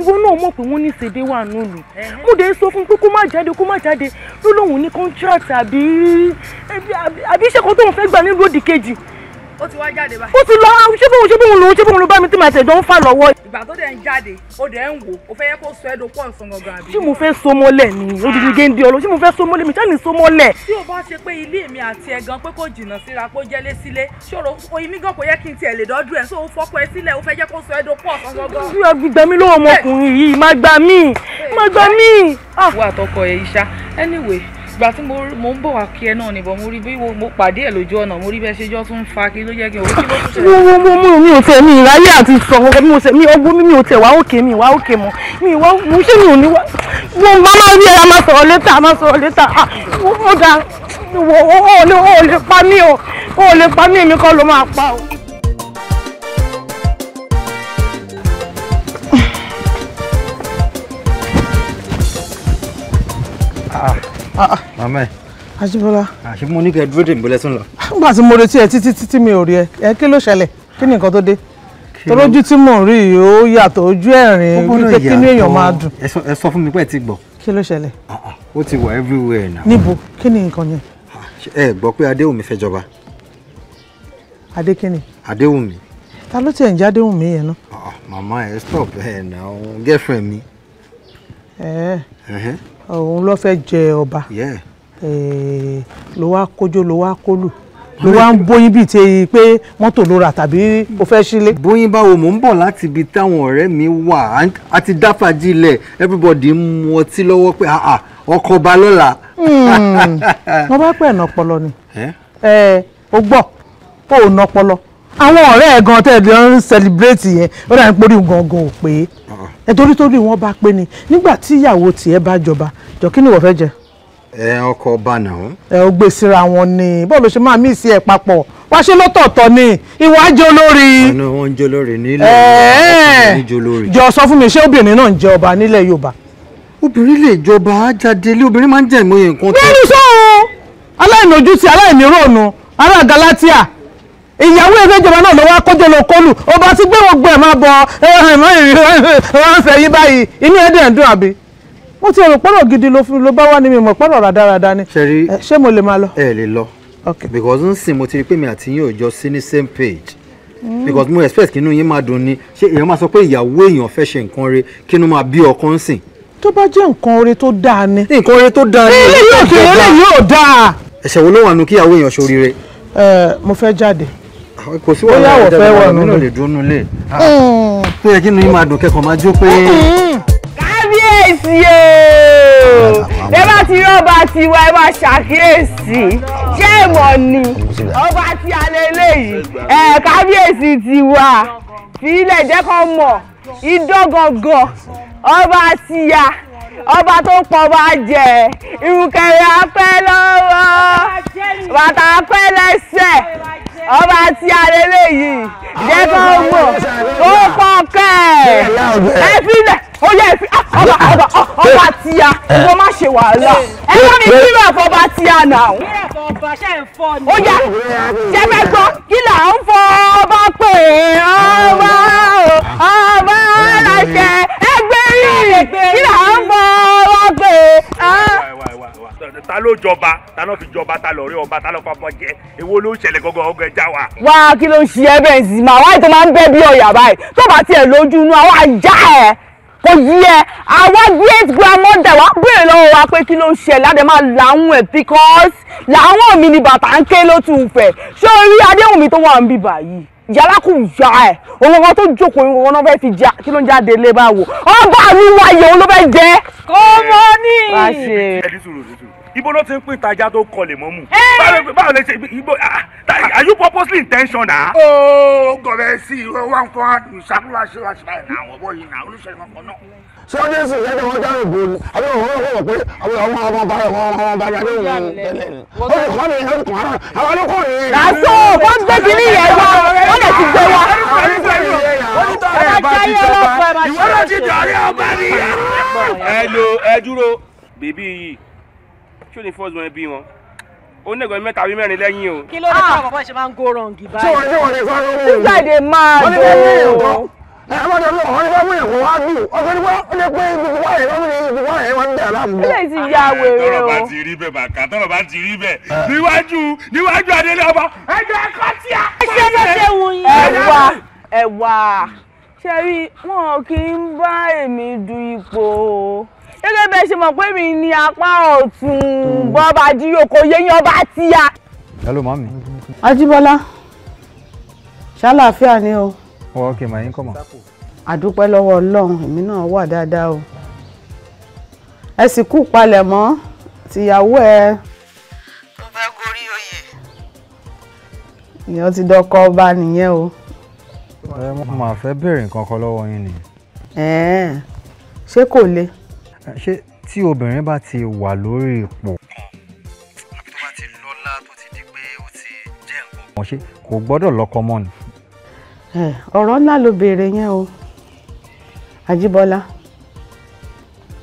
ìwọ náà mọ̀ pé wọ́n ní ṣèdè wà nùlù mo dé sọ fún pé kó má jáde kó má jáde ló lóun ní contract àbí àbí iṣẹ́ kan tóun fẹ́ gbà nílùú òdìkejì ó ti wá jáde báyìí. ó ti lọ ah, ṣé bóun ṣé bóun lòun ṣé bóun ló bá mi tí màá ṣèjọ ń fà lọ́wọ́. ìgbà tó dẹ̀ ń jáde ó dẹ̀ ń wò ó fẹ́ yẹ kó sọ ẹ́ dopọ̀ ǹsán gangan àbí. ṣé mo fẹ́ so mọ́lẹ̀ ni ah. odidi géńdé ọlọ́ ṣé mo fẹ́ so mọ́lẹ̀ mi sani so mọ́lẹ̀. tí o bá ṣe pé ilé mi àti ẹ gan pé kò jìnnà síra pé ó jẹ́ lé sílé ṣòro oyin gan kò yẹ kí n tiẹ̀ lè dọ́dún ẹ̀ so o fọ́kọ ẹ sílẹ̀ o fẹ́ jẹ́ kó sọ ẹ́ dopọ̀ ǹsán gangan. ṣé gbígbà mí lọ́wọ́ ọmọkùnrin yìí má gbà mí má gbà mí. wà á tọkọ ẹ iṣá anyway ìgbà tí mo ń bọ̀ wá kí ẹ náà nìbọn mo rí bí mo pàdé ẹ̀ lójú ọ̀nà mo rí bẹ́ẹ̀ ṣe jọ́ tún ń fa kí ló jẹ́ kí n ò kí ló tún ṣe. mo mi ò tẹ mi ìráyè àti sọ mi ò tẹ mi ọgbó mi ò tẹ wá òkè mi wá òkè mọ mi wá mo ṣé mi ò ní wá mo máa rí ẹ máa sọ̀rọ̀ létà máa sọ̀rọ̀ létà ah, ó dáa ó lè pa mí o ó lè pa mí èmi kọ́ ló máa pa o. Ah, ah. màmá ẹ. àṣìbọ́lá. àṣì ah, mo ní kẹ́ dúró dè mí bọ́lẹ́ sùn lọ. nígbà tí mo retí ẹ títí títí mi ò rí ẹ ẹ kí ló ṣẹlẹ̀ kí ni nǹkan tó dé torójú tí mò O rí yìí ó yàtọ̀ ojú ẹ̀rín wípé kí ni èèyàn máa dùn. ẹ sọ fún mi pé ẹ ti gbọ́. kí ló ṣẹlẹ̀. o ti wà everywhere now. níbo kí ni nǹkan yẹn. ẹ gbọ́ pé adéwùmí fẹ́ jọba. adé kí ni. adéwùmí. ta ló tiẹ̀ ń jẹ́ adéwùmí yẹn náà. màmá ẹ stop ẹ náà girlfriend mi. ẹ ẹ òun ló fẹ́ jẹ ọba eh, ló wá kójó ló wá kólù ló wá ń bóyin bíi ti pé mọ́tò ló rà tàbí o fẹ́ sílé. bóyin báwo mò ń bọ̀ láti ibi táwọn ọ̀rẹ́ mi wà á ti dáfàjìlẹ̀ everybody ń mu ọtí lọ́wọ́ pé ah, ah, ọkọ̀ ọba lọ́la. wọ́n hmm. bá pẹ̀ nà ni eh, ó gbọ́ ó nà àwọn ọ̀rẹ́ ẹ̀ gan tẹ̀lé ń sẹlibrétì yẹn ó dà ń porí gangan ò pé ẹ torí torí wọn bá pé ni nígbà tí ìyàwó tiẹ̀ bá jọba jọ kí ni ìwọ fẹ́ jẹ. ẹ ọkọ ọba náà. ẹ ò gbé síra wọn ni bọ́ọ̀lù ṣe máa mí sí ẹ papọ̀ wá ṣe lọ́tọ̀ọ̀tọ̀ ni ìwà àjọ lórí. ọ̀nà wọn ń jọ lórí nílẹ̀ ọkùnrin jọ lórí. jọ sọ fún mi ṣé obìnrin náà ń jẹ ọba nílẹ̀ Yorùbá. obìnrin lè jọba jáde ilé obìnrin máa ń jẹ ìmọye nǹkan tó. bẹ́ẹ̀ ni sọ́run aláìníojú ti aláìníròònù ará Galatia ìyàwó ẹgbẹ́ ìjọba náà lọ́wọ́ akọ́jọ́ lọ kọlù ọba ti gbé wọn gbẹ máa bọ wọn fẹ́ yín báyìí inú ẹ̀ dẹ̀ ń dùn àbí mo ti rò pọ́nrọ̀ gidi ló fún ló bá wà ní mi mọ̀ pọ́nrọ̀ rádaràda ni ṣé mo lè máa lọ. ẹ lè lọ because n sìn mo ti rí pé mi àti yín ò jọ sí ní same page because mo expect kí inú yín máa dùn ni ṣé èèyàn máa sọ pé ìyàwó èèyàn fẹ́ ṣe nǹkan re kí inú máa bí ọkàn sìn. tó bá jẹ́ nǹkan oore tó dáa ni. nǹkan oore tó dáa ni. ilé yóò dáa. ẹ̀ṣẹ̀ wo ló wà nù kíyàwó èèyàn ṣoríire. ẹ mo fẹ́ jáde kò sí wàhálà ìjọba fẹ́ wà nínú lè dúró nulẹ̀ ah. mm. tó yẹ kí ni máa dùn kẹ́kọ̀ọ́ máa jó pé. Mm. kábíyèsí o ẹ bá ti rí ọba tiwa ẹ máa ṣàkíyèsí ṣé ìmọ̀ ni ọba tí a lè ẹ kábíyèsí tiwa fi jẹ́kọ̀ mọ̀ ìdọ́gọ̀gọ̀ ọba tiya ọba tó pọ̀ bá jẹ ìrùkẹ̀rẹ̀ apẹ́ lọ́wọ́ bàtà apẹ́ lẹ́sẹ̀ ọba tí a lè léyìí jẹ́ kó mọ̀ ó pọ̀ kẹ́ ẹ fi lẹ̀ ó yẹ ẹ fi ah, ọba ọba ọba tí a ìwọ má ṣe wàhálà ẹ bá mi kírọ̀ fọba tí a nà ó. ó yá ṣẹ́fẹ́ gbọ́ kí là ń fọ ọba pé ọba ọba aláṣẹ ẹgbẹ́ yìí kí là ń fọ ọba pé ta ló jọba ta náà fi jọba ta lọ rí ọba ta lọ fọmọ jẹ èwo ló ń ṣẹlẹ̀ gangan ọgọ ẹja wa. wá kí ló ń ṣe ẹ bẹ́ẹ̀ sì wáyé tó máa ń bẹ́ bí ọ̀yà báyìí tó bá tiẹ̀ lójú inú àwọn àjá ẹ̀ kò yí ẹ àwa great grandmother wa béèrè lọ́wọ́ wa pé kí ló ń ṣẹlẹ̀ àdé máa làwọn ẹ̀ because làwọn mi ni bàtà ń ké ló tún fẹ̀ ṣé orí adéhùnmi tó wà ń bíbà yìí yàrá kù yà ẹ òun kan tó jókòó ìwọ̀n wọn náà fi jà kí ló ń jáde lé bá ọba mi wáyé òun ló fẹ́ jẹ́. kọ́mọ ní. ibo ló ti ń pín ìtajà tó kọlẹ̀ mọ́ báwo lè ṣe ibo are you purposely intentional. ooo gọbẹ sí i wọn kọ́ àdùn ìṣàkóso àṣewàṣe báyìí náà àwọn bọ́ọ̀lù náà olùṣègùn ọkọ̀ náà ṣé ó jésù lẹ́nu wọn dáhùn ìbò ni àbí wọn wọ́n wọ̀ pé àwọn ọmọ ọba rẹ̀ wọ́n ọmọ ọba rẹ̀ ló wù ú ni ó lè kọ́ ni ó kàn án àwọn ọlọ́kùnrin yìí. làásù wọ́n gbé kínní yẹn wá wọ́n lè ti gbé wá. ìwọ ló bèbí yìí kí ni fọ́ọ̀sì wọn bí wọn ó ní ẹgbẹ̀rún mẹ́ta àbí mẹ́rin o. kí ló dé káwọn bàbá ṣe máa ń go wrong báyìí. ṣé wọn ṣe wọn ṣe sọ ẹ̀rọ ló ọ̀rọ̀ nípa mú ìwọ̀n wá bù ọ̀sẹ̀ nípa ó lè pé ibi wá yẹn lọ́mú ní ibi wá yẹn wá ń dà láàmú. ilé ti ya wèrè o. tọrọ bá ti rí bẹ́ẹ̀ bàkà tọrọ bá ti rí bẹ́ẹ̀ níwájú níwájú adélé ọba ẹjọ́ ẹkọ tí a. ẹṣẹ ló ṣe wù yín. ẹwà ẹwà ṣe rí wọn kì í bá èmi du ipò o gẹ́gẹ́ bẹ́ẹ̀ ṣe mọ̀ pé mi ni apá ọ̀tún bọ́ba díyòkó yẹ́yìn ọba tíya. hello mami. Ajíbọ́lá ṣàlàáfíà ni o wọ́n ok màá yín kọ̀ mọ́. àdúpẹ́ lọ́wọ́ ọlọ́run èmi náà wà dáadáa o ẹ sì kú palẹ̀ mọ́ tìyàwó ẹ. tó fẹ́ gorí oyè. ìyẹn ti dọkọ ọba nìyẹn o. ẹ mo máa fẹ́ béèrè nǹkan kan lọ́wọ́ yín ni. ṣé kò le. ṣé tí obìnrin bá ti wà lórí ipò àbí tó bá ti lọ́lá tó ti di pé ó ti jẹ́ nǹkan. mo ṣe kò gbọ́dọ̀ lọ́kọ mọ́ ni ọ̀rọ̀ ńlá ló béèrè yẹn o Àjíbọ́lá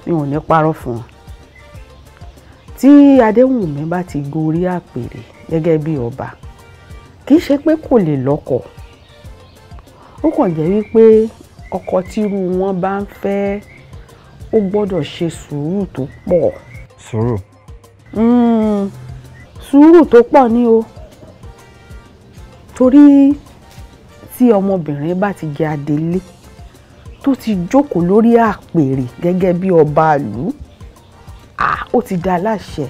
mi ò ní parọ́ fún ọ tí Adéwùnmí bá ti gorí àpèrè gẹ́gẹ́ bí ọba kì í ṣe pé kò lè lọ́kọ ó kàn jẹ́ wípé ọkọ tírú wọn bá ń fẹ́ ó gbọ́dọ̀ ṣe sùúrù tó pọ̀. sùúrù. Hmm, sùúrù tó pọ̀ ni o torí tí ọmọbìnrin bá ti jẹ adelé tó ti jókòó lórí àpèrè gẹ́gẹ́ bí ọba àlú ó ti da aláṣẹ.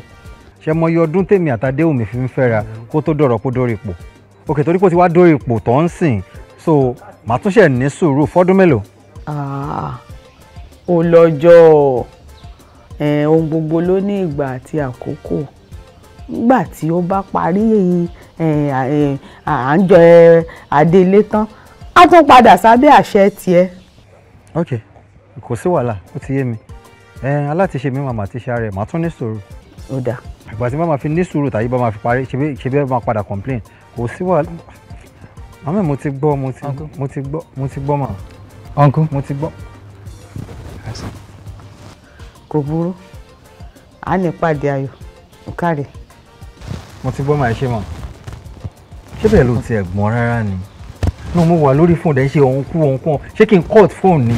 ṣe mọ iye ọdún tèmi àtàdéhùnmí fi ń fẹ́ra kó tó dọ̀rọ̀ kó dórí ipò òkè torí kó ti wá dórí ipò tó ń sìn so màá tún ṣe ní sùúrù fọ́dún mélòó. ó lọ́jọ́ ohun gbogbo ló ní ìgbà àti àkókò nígbà tí ó bá parí à ń jọ adélé tán á tún padà sábẹ́ àṣẹ tiẹ̀. ok kò sí wàhálà ó ti yé mi alátiṣe mi màmá ti ṣe ara ẹ̀ màá tún ní sùúrù. ó dà. ìgbà tí màmá fi ní sùúrù tàyí bá máa fi parí ṣe bí ẹ máa padà complain kò sí wàhálà màmá mo ti gbọ́ mo ti gbọ́ mo ti gbọ́ màmá. uncle mo ti gbọ́. kò burú a ní pàdé ayọ̀ ò káre. mo ti gbọ́ màá ṣe màmá ṣé bẹ́ẹ̀ ló ti ẹ̀gbọ́n rárá ni ló mú wà lórí fóònù ẹ̀ ṣe òun kú òun kàn ṣé kí n cut fóònù ni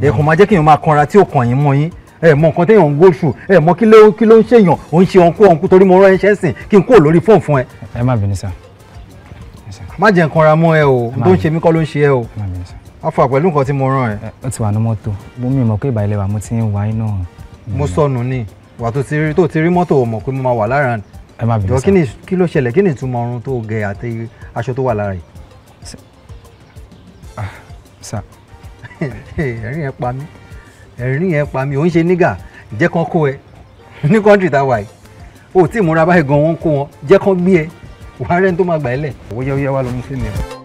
ẹ̀ kò máa jẹ́ kí n máa kanra tí ò kàn yín mọ́ yín ẹ mọ nǹkan téèyàn ń gbóṣù ẹ mọ kí ló kí ló ń ṣèyàn òun ṣe òun kú òun kú torí mo rán ẹṣẹ sìn kí n kúrò lórí fóònù fún ẹ. ẹ má bínú sá. má jẹ́ nǹkan ra mọ́ ẹ o tó ń ṣe mí kọ́ ló ń ṣe ẹ o wá fà pẹ̀lú nǹkan tí mo rán ẹ. ó ti wà ní mọ́tò bó mi mọ̀ pé ìbà ilẹ̀ wà mo ti ń wá iná. mo sọnù ni wà tó ti rí mọ́tò mọ̀ pé mo máa wà lára ni ẹ má bínú sá. kí ló ṣẹlẹ̀ kí ni ìtumọ̀ ọrùn tó gẹ àti aṣọ tó wà lára yìí. sá. Ah, ẹ̀rín yẹn pa mí ẹ̀rín yẹn pa mí òun ṣe nígà jẹ́ kán kó ẹ ní kọ́ńtì tá a wà yìí o tí ìmúra báyìí gan wọ́n kó wọn jẹ́ kán gbé ẹ wàá rẹ́ni tó máa gbà ẹ́ lẹ̀. owó yẹ́wọ́ yẹ́wọ́ ló ń ṣe nìyẹn.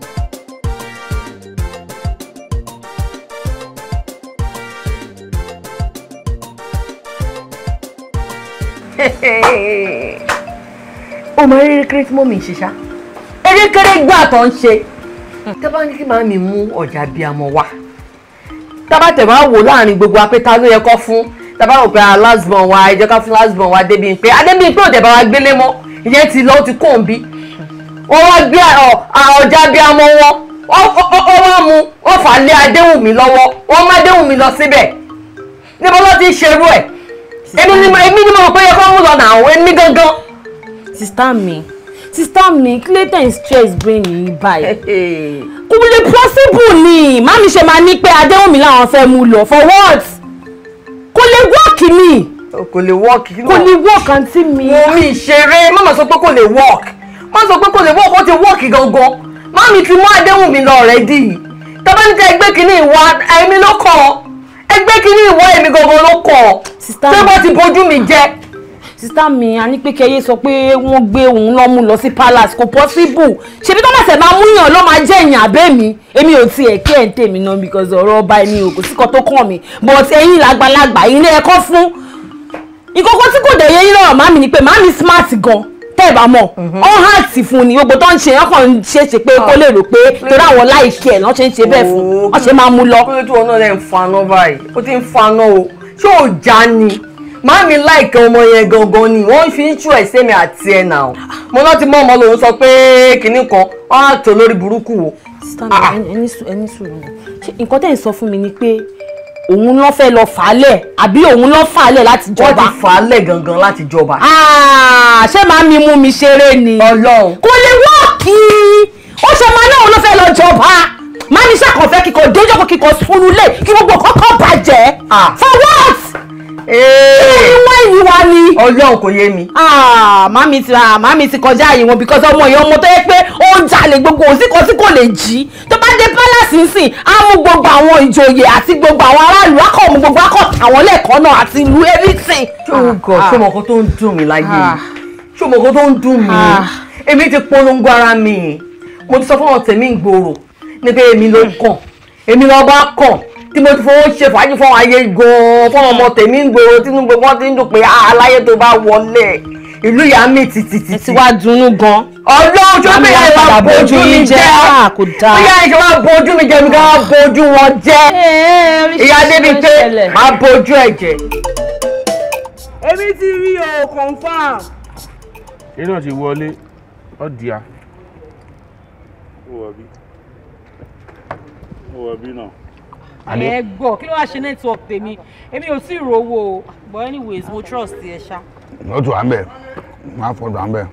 ọmọ erékeré tí mọ́mì ń ṣe ṣá erékeré gbà tó ń ṣe tẹ́ ní kí màmí mú ọjà bíi àmọ́ wá tábà tẹ̀ máa wò láàrin gbogbo apẹta ló yẹ kọ́ fún tábà wò pé alásùbọ̀n wa ẹjọ́ ká fún lásùbọ̀n wa débi pé adébíyìn pé òtẹ̀ bá wa gbélé mọ́ ìyẹn ti lọ ti kò ń wọ́n wá gbé ọjà bíi àmọ́ wọn wọ́n wá mu wọ́n fà lé adéwùmí lọ́wọ́ wọ́n má adéwùmí lọ síbẹ̀ níbo ló ti ṣerú ẹ̀ èmi ni mo rò pé yẹ kó mú lọ nà àwọn èmi gangan sista mi sista mi clayton stress brain yìí báyìí kò lè possible ni mami ṣe máa ní pé adéhùnmí làwọn fẹ́ mú lọ for what kò lè work ni. Oh, kò lè work náà kò lè work àǹtí mi. mo mi ṣeré mama sọ pé kò lè work mama sọ pé kò lè work ó ti work gangan mami ti mú adéhùnmí lọ rẹ dì tọ́bánitẹ́ ẹgbẹ́ kìíní ìwà ẹ̀mí ló kọ́ ẹgbẹ́ kìíní ìwà ẹ̀mí gangan ló kọ́ ṣé wọ́n ti bójú mi jẹ́ sista mi a ní pé kẹyẹ sọ pé wọ́n gbé òun lọ mú lọ sí palace kò possible ṣebí tó bá ṣẹ̀ máa mú yàn ló máa jẹ́ èèyàn àbẹ́ mi èmi ò tiẹ̀ kí ẹ̀ ń tèmi náà because ọ̀rọ̀ ọba ẹni ò kò síkọ tó kàn mí but ẹ̀yin làgbàlagbà ilé ẹ̀kọ́ fún ìkókó tí kò dẹ̀ yẹ yín lọ́rọ̀ màmí ni pé màmí smart gan-an tẹ́ ẹ̀ bá mọ̀ mhm. ọ́n hàtì fún ni gbogbo tó ń ṣe ọkàn ń ṣe ṣe pé kó lè rò pé ah. torí àwọn láìkí ẹ̀ náà ṣe ń ṣe bẹ́ẹ̀ fún ọ́n ṣe máa mú lọ. kí ló tí wọn náà lè ń faná báyìí ó ti ń faná o ṣé ò já ni Mami láìka ọmọ yẹn gangan ni wọ́n fi ń tú ẹ̀sẹ̀ mi àti ẹ̀ nà ọ́ mo náà ti mọ ọmọ lòun sọ pé kinní kan wọ́n á tó lórí burúkú o. Ah. ẹni sùúrù nǹkan tẹ́ ẹ̀ sọ fún mi ni pé òun ló fẹ́ lọ fàálẹ̀ àbí òun ló fàálẹ̀ láti jọba. wọ́n ti fàálẹ̀ gangan láti jọba. Ah, ṣé màá mi mú mi ṣeré ni. ọlọ́run. kò lè wọ́ọ̀kì ó ṣe máa náà òun ló fẹ́ lọ jọba máa ní sàkànfẹ́ kíkọ déjọ́ kíkọ sunulẹ̀ kí gbogbo kọ́kọ́ bàjẹ́. Ah. for what ìwọ yìí wá ni. ọlọ́run kò yé mi. Ah, màmí ti ah, màmí ti kọjá àyè wọn because ọmọ yẹn ọmọ tó yẹ pé ó ń jalè gbogbo òsìkò tí kò lè jí tó bá dé palace nsìn á mú gbogbo àwọn ìjòyè àti gbogbo àwọn aráàlú akọ mú gbogbo akọ àwọn lẹ́ẹ̀kan náà àti ìlú everything. ṣòwò ah. ṣòwò kan tó ń dùn mí láyé ṣòwò kan tó ń dùn mí èmi ti polongo ara mi mo ti sọ fún ọ̀tẹ̀ mi ń gbòòrò ní pé èmi ló kàn èmi lọ́ọ́ bá kàn tí mo ti fowó ṣe fàájì fáwọn ayé gan-an fáwọn ọmọ tèmi ń gbòòrò Tinubu wọn ti ń dùn pé ah, aláyé tó bá wọlé ìlú ìyá mi tìtìtì. ẹ ti wá dunnú gan. ọlọ́run tó bẹ̀rẹ̀ ìyá bojú mi jẹ́ ah, kò dáa. bóyá ìṣe wá bojú mi jẹ́ mi ká bojú wọn jẹ́. Eh, eh, ìyá débi pé máa bojú ẹ̀ jẹ́. èmi ti rí o confam. iná ti wọlé ọ̀dìyà. mo wà bí mo wà bí náà ẹ gbọ́ kí ló wá ṣe network tèmi èmi ò tí ì o but anyways mo trust ẹ ṣá. ó tù wá ń bẹ̀ máa fọdù à ń bẹ̀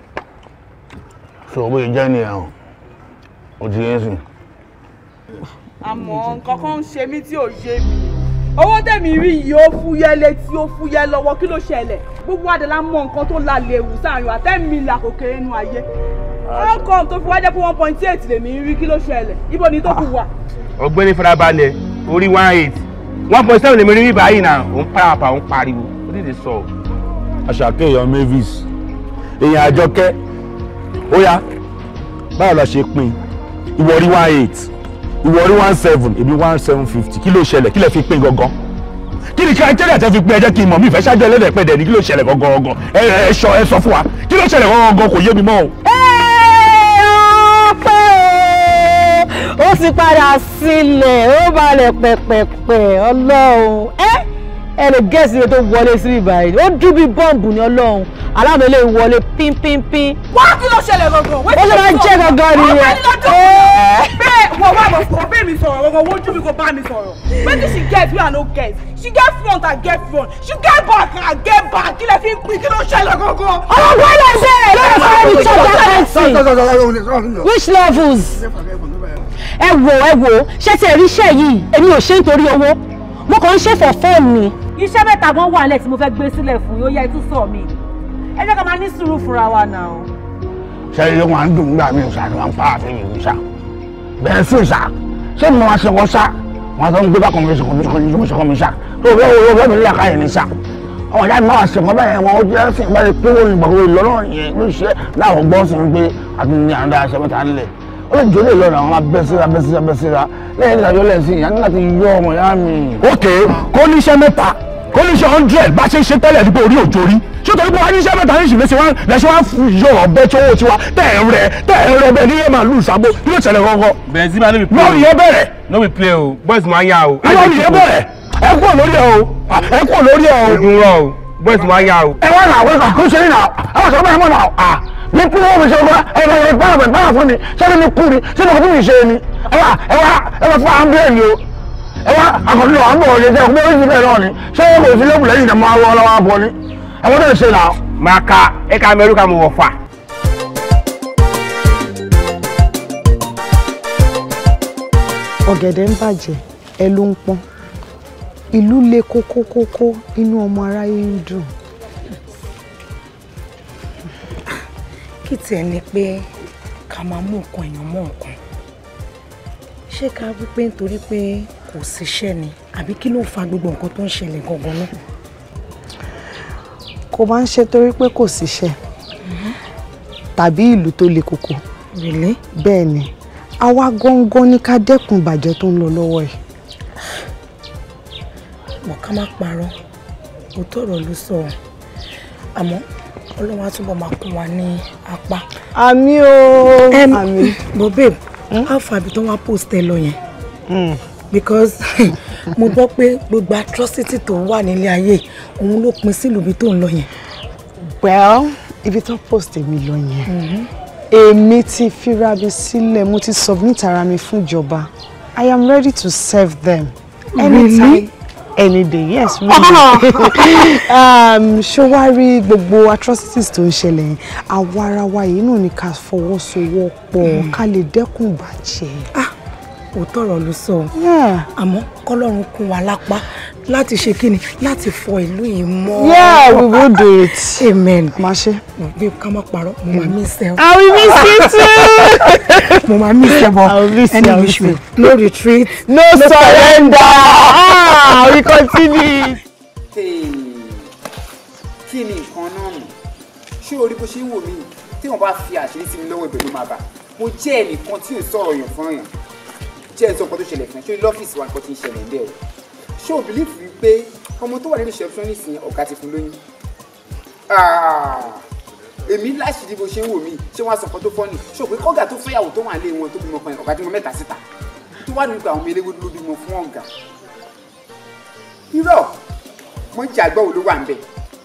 so bó ṣe jẹ́ nìyẹn o ò ti yẹn sìn. àmọ́ nǹkan kan ń ṣe mí tí ò yé mi owó tẹ̀mí rí yìí ó fúyẹ́ létí ó fúyẹ́ lọ́wọ́ kí ló ṣẹlẹ̀ gbogbo àdàlà mọ nǹkan tó la lè wù sáàrin wa tẹ́mi là kò kéré nu ayé ọkọ̀ tó fi wájẹ́ pé one point eight lèmi rí kí ló ṣẹlẹ̀ ibo ni tó kù wà. Ah. ọ̀gbẹ́ni farabalẹ̀ orí one eight one point seven lèmi rí báyìí náà òun parapa òun pariwo ó tètè sọ. àṣàkè èèyàn mavis èèyàn àjọkẹ́ ó yá báwo la ṣe pín ìwọ rí one eight ìwọ rí one seven èmi one seven fifty kí ló ṣẹlẹ̀ kí lè fi pín gangan kí ni criteria tẹ́ fi pín ẹ jẹ́ kí n mọ̀ mi ìfẹ́ ṣáájú ẹlẹ́dẹ̀ẹ́pẹ̀dẹ̀ ni kí ló ṣẹlẹ̀ gangan gangan ẹ sọ fún wa kí ló ṣẹlẹ̀ gangan gangan kò yé mi mọ́ o. ó ti padà sílẹ̀ ó balẹ̀ pẹ̀pẹ̀pẹ̀ ọlọ́run ẹ́ ẹ lè gẹ̀ẹ́sì tó wọlé sí ìbàdàn ó dún bí bọ́ǹbù ní ọlọ́run aláàmì lè wọlé pínpínpín. wá kí ló ṣẹlẹ̀ gangan. ó ṣe máa ń jẹ́ gangan nìyẹn. bẹ́ẹ̀ wọ wá bọ̀ sọ̀rọ̀ bẹ́ẹ̀ mi sọ̀rọ̀ gangan wojú mi kò bá mi sọ̀rọ̀. wetin she get me i no get she get front i get front she get back i get back kí lè fi ń pín kí ló ṣẹlẹ̀ gangan. ọ̀rọ̀ wẹ́lẹ̀ ṣe é lọ́wọ́ sọ̀rọ̀ ìṣọ̀dá fẹ́ǹsì which levels ẹ wò ẹ wò ṣé tí ẹ rí iṣẹ́ yìí èmi ò ṣe nítorí owó mo kàn ń ṣe for fun ni. iṣẹ́ mẹ́ta gan wà lẹ̀ tí mo fẹ́ gbé sílẹ̀ fún yóò yẹ ẹ tún sọ mi ẹ jẹ́ ká máa ní sùúrù fúnra wa náà. ṣe ilé wọn dùn nígbà míì sá ni wọn pa àfihàn ìlú sá bẹ́ẹ̀ sùn sá ṣé mo máa ṣe wọn wọn tó ń gbé bákan mi ṣèkọ́ mi ṣèkọ́ mi ṣèkọ́ mi sá tó mi níyàká yẹn ni sá ọmọ ìyá mi máa ṣèkọ́ bẹ́ẹ̀ wọn ó jẹ́ sìn bá ti pé wọn ìgbàgbọ́ ìlọ́rọ̀ yẹn ló ṣe láwọn gbọ́ ó lè jọlé lọ́ra àwọn abẹ́síra abẹ́síra abẹ́síra lẹ́yìn ìdájọ́ lẹ́sìn ìyá nígbà yọ ọmọ ìyá mi. ok kó ní mẹ́ta kó ní hundred bá ṣe ń ṣe tẹ́lẹ̀ nípa orí òjò rí ṣé torí pé wọ́n á ní iṣẹ́ mẹ́ta ní ìṣìlẹ̀ṣẹ̀ wá lẹ́ṣẹ̀ wá yọ ọ̀bẹ tí owó tiwa tẹ̀ ẹ̀ rẹ̀ tẹ̀ ẹ̀ rẹ̀ bẹ́ẹ̀ ní yé màálù ìṣàgbó kí ló ṣẹlẹ̀ kọ́kọ́. benzema no be play o lórí yẹn bẹ̀rẹ̀. no be play o boys ma ya o. lórí yẹn bẹ̀rẹ̀ ẹ kúrò lórí ẹ o ẹ kúrò lórí ẹ o. ogun rọ o boys ma ya o. ẹ wá nà àwọn ìkàkùn ṣe ní nà àwọn ìṣàkóso ẹ mọ̀ nà à. mi kú wọn mi sọ fún ẹgbẹ ẹgbẹ báwọn bẹ báwọn fún mi sọdọ mi kú ni sínú ọdún mi ṣe ni ẹwà ẹwà ẹwà fún ambulance o ẹwà akọni lọ àmọ òye jẹ ọgbẹ oyin ni ṣé wọn kò sí lẹkùn lẹ́yìn ni ka ẹka mẹrùkà mi ọ̀gẹ̀dẹ̀ ń bàjẹ́ ẹ ló kìtì ẹ̀ ni pé ká máa mú nǹkan èèyàn mọ́ nǹkan ṣé ká wí pé nítorí pé kò síṣẹ́ ni àbí kí ló fa gbogbo nǹkan tó ń ṣẹlẹ̀ gangan náà. kò máa ń ṣe torí pé kò síṣẹ́ tàbí ìlú tó le koko. bẹ́ẹ̀ ni àwa gangan ni ká dẹ́kun ìbàjẹ́ tó ń lọ lọ́wọ́ ẹ̀. bọ̀ má parọ́ òótọ́ ọ̀rọ̀ ló sọ àmọ́ ọlọ́run á túbọ̀ máa kún wa ní apá. àmì o àmì. but babe how far ibi tó wá post ẹ lọ yẹn hmm. because mo gbọ́ pé gbogbo atrocity tó wà nílé ayé òun ló pin sílùú ibi tó ń lọ yẹn. well ibi tó post èmi lọ yẹn èmi ti fira mi sílẹ̀ mo ti submit ara mi fún ìjọba i am ready to serve them anytime really? any day yes really um ṣọwárí gbogbo atrocities tó ń ṣẹlẹ̀ àwa ara wa yìí náà ni ká fọwọ́sowọ́pọ̀ hmm. ká lè dẹ́kun bàjẹ́. ah òótọ́ ọ̀rọ̀ ló sọ àmọ́ kọ́lọ́run kún wa lápá láti ṣe kí ni láti fọ ìlú yìí mọ́. yeah we will do it. amen. má ṣe. mo gbé ká má parọ́ mo máa mí sẹ́ i will miss you too. mo máa mí sẹ́ bọ̀ any wish me no retreat. no, surrender. ah we continue. kí ni nǹkan náà nù ṣé orí bó ṣe ń wò mí tí wọn bá fi àṣírí sí mi lọ́wọ́ ìbẹ̀rù máa bà mo jẹ́ ẹnìkan tí ò sọ̀rọ̀ yàn fún yàn jẹ́ ẹ̀ sọ nǹkan tó ṣẹlẹ̀ fún ẹ ṣé lọ́fíìsì wa nǹkan ti ń ṣẹlẹ̀ ń bẹ̀ ṣé o bìlífù wípé ọmọ tó wà ní reception nísìnyí ọ̀gá ti fún lóyún ah, èmi láṣìírí bó ṣe ń wò mí ṣé wọn aṣọ kan tó fọ́ ni ṣé o pé kọ́gà tó fẹ́yàwó tó wà lé wọn tó bímọ kan ọ̀gá tí mo mẹ́ta síta tó wà nípa àwọn ọmọ eléwédú ló bímọ fún ọ̀gá irọ́ mo ń jẹ àgbọ̀ wo ló wà ń bẹ̀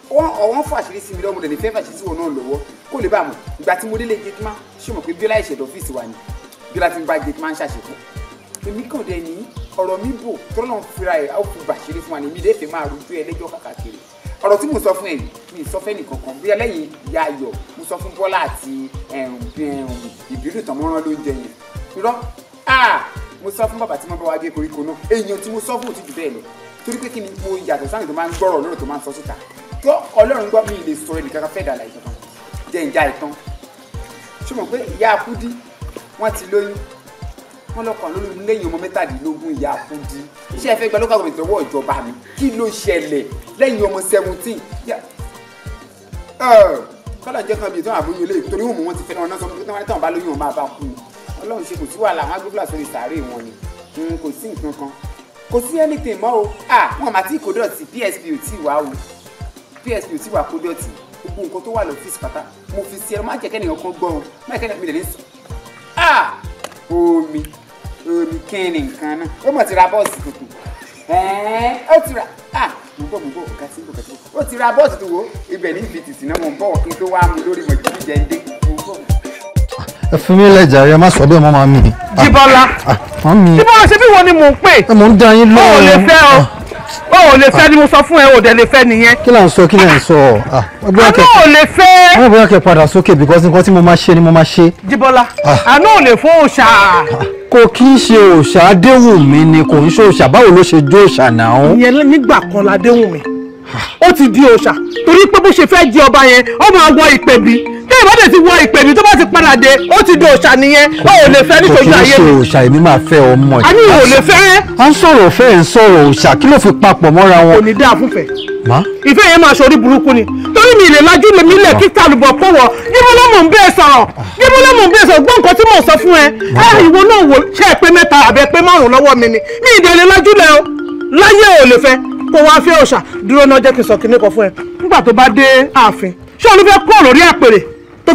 ọ̀wọ́n fàṣírí sí mi lọ́mọdé ní fẹ́ fàṣírí sí wọn náà lọ́wọ́ kó lè bá mọ̀ ìgbà tí mo délé gẹ́tìmá ṣé o mọ̀ pé bíọ́lá ìṣẹ̀dọ̀ ọ́fíìsì wa ni bíọ́lá ti ń bá gẹ́tìmá ń ṣàṣepọ̀ èmi kàn dé ní ọ̀rọ̀ mi bò tọ́lọ́ ń fira ẹ̀ á fi bàṣírí fún wa ní mi lè fẹ́ máa rojú ẹ lẹ́jọ́ kàkàkiri ọ̀rọ̀ tí mo sọ fún ẹ yìí mi sọ fẹ́ nìkankan bí ẹlẹ́yìn ìyá ayọ̀ mo sọ fún Bọ́lá àti ìbílẹ̀ tán mọ́rán ló ń jẹ yẹn irọ́ mo sọ fún bàbá tí mo bá wá gé koríko náà èèyàn tí mo sọ fún òtítù bẹ́ẹ̀ lọ torí pé kí ni mo yàtọ̀ sáyìn tó máa ń gbọ́rọ̀ lọ́rọ̀ tó máa ń sọ síta tó Ọlọ́run gbọ́ mi lè sọ ẹnìkan fẹ́ dàlà ìtàn jẹ́ ìjà ìtàn ṣùgbọ́n pé ìyá akúdí wọ́n ti lóyún wọn lọkàn ló lẹ́yìn ọmọ mẹ́tàdínlógún ìyá àkúndí ṣé ẹ fẹ́ gba local government lọ́wọ́ ìjọba mi kí ló ṣẹlẹ̀ lẹ́yìn ọmọ seventeen kọ́lá jẹ́ kan bíi tó àbóyún ilé torí òun wọn ti fẹ́ ọ̀nà sọmọ tó wọn tán bá lóyún ọmọ àbá kú ọlọ́run ṣe kò sí wàhálà wọn agbófinró àti ìsàárè wọn ni hmm, kò sí nǹkan kan kò sí anything mọ́ o wọn àmà tí kò dọ̀tí PSP ò tí wà o PSP ò tí wà kó dọ̀tí gbogbo nǹkan tó wà lọ́fíìsì pátá mo fi sí ẹ má jẹ́ kẹ́nìyàn kan gbọ́ o má jẹ́ kẹ́nìyàn mi lè ní sọ omi omi kẹrin nǹkan náà ó mọ̀ ti ra bọ́ọ̀sì tuntun ẹ̀ẹ́n ó ti ra ah mo bọ̀ mo bọ̀ ọ̀gá sí ọ̀gá sí ó ti ra bọ́ọ̀sì tó wo ibẹ̀ ní ìfi tìsí náà mo ń bọ̀ kí n tó wá mu lórí mọ̀jú jíjẹ ń dé mo bọ̀. ẹ fi mí lẹ́jà ẹ má sọ bẹ́ẹ̀ mọ́ máa mi. Jíbọ́lá Jíbọ́lá ṣe bí wọn ni mò ń pè. mo ń dá yín lọ́wọ́ o lè fẹ́ ni mo sọ fún ẹ o dẹ̀ lè fẹ́ nìyẹn. kí là ń sọ kí là ń sọ ah àná ò lè fẹ́. àná bóyá kẹ padà sókè because nǹkan tí mo máa ṣe ni mo máa ṣe. Jíbọ́lá ah. àná ò lè fún òòṣà. kò kí n ṣe òòṣà Adéwùnmí ni kò ń ṣe òòṣà báwo ló ṣe jó òòṣà náà. ìyẹn nígbà kan la Adéwùnmí ah. ó ti di òòṣà torí pé bó ṣe fẹ́ di ọba yẹn ó máa wọ ìpèbí ìbádẹ́ ti wọ ìpè mi tó bá ti padà dé ó ti di òòṣà nìyẹn ó ò lè fẹ́ nítorí ayé mi. kò kí n ṣe òòṣà èmi máa fẹ́ ọmọ yìí. a ní ò lè fẹ́. à ń sọ̀rọ̀ ọ̀fẹ́ ń sọ̀rọ̀ òòṣà kí ló fi papọ̀ mọ́ra wọn. kò ní dáa fúnfẹ́. ìfẹ́ yẹn máa ṣorí burúkú ni torí mi ìlè lajú lèmi lẹ̀ kí kálùbọ̀ kó wọ̀ níbo ló mò ń bẹ́ẹ̀ sọ̀rọ̀ níbo ló mò ń bẹ́ẹ̀ sọ̀rọ̀ gbọ́ nǹkan tí mò ń sọ fún ẹ. ẹ ah, ìwọ náà wò ṣe é pé mẹ́ta àbẹ pé márùn-ún lọ́wọ́ mi ni mi ìdèlè lajú lẹ̀ o láyé ò lè fẹ́ kó wá fẹ́ òòṣà dúró náà jẹ́ kí n sọ kinní kan fún ẹ nígbà tó bá dé ààfin ṣé olú fẹ́ kúrò lórí àpèrè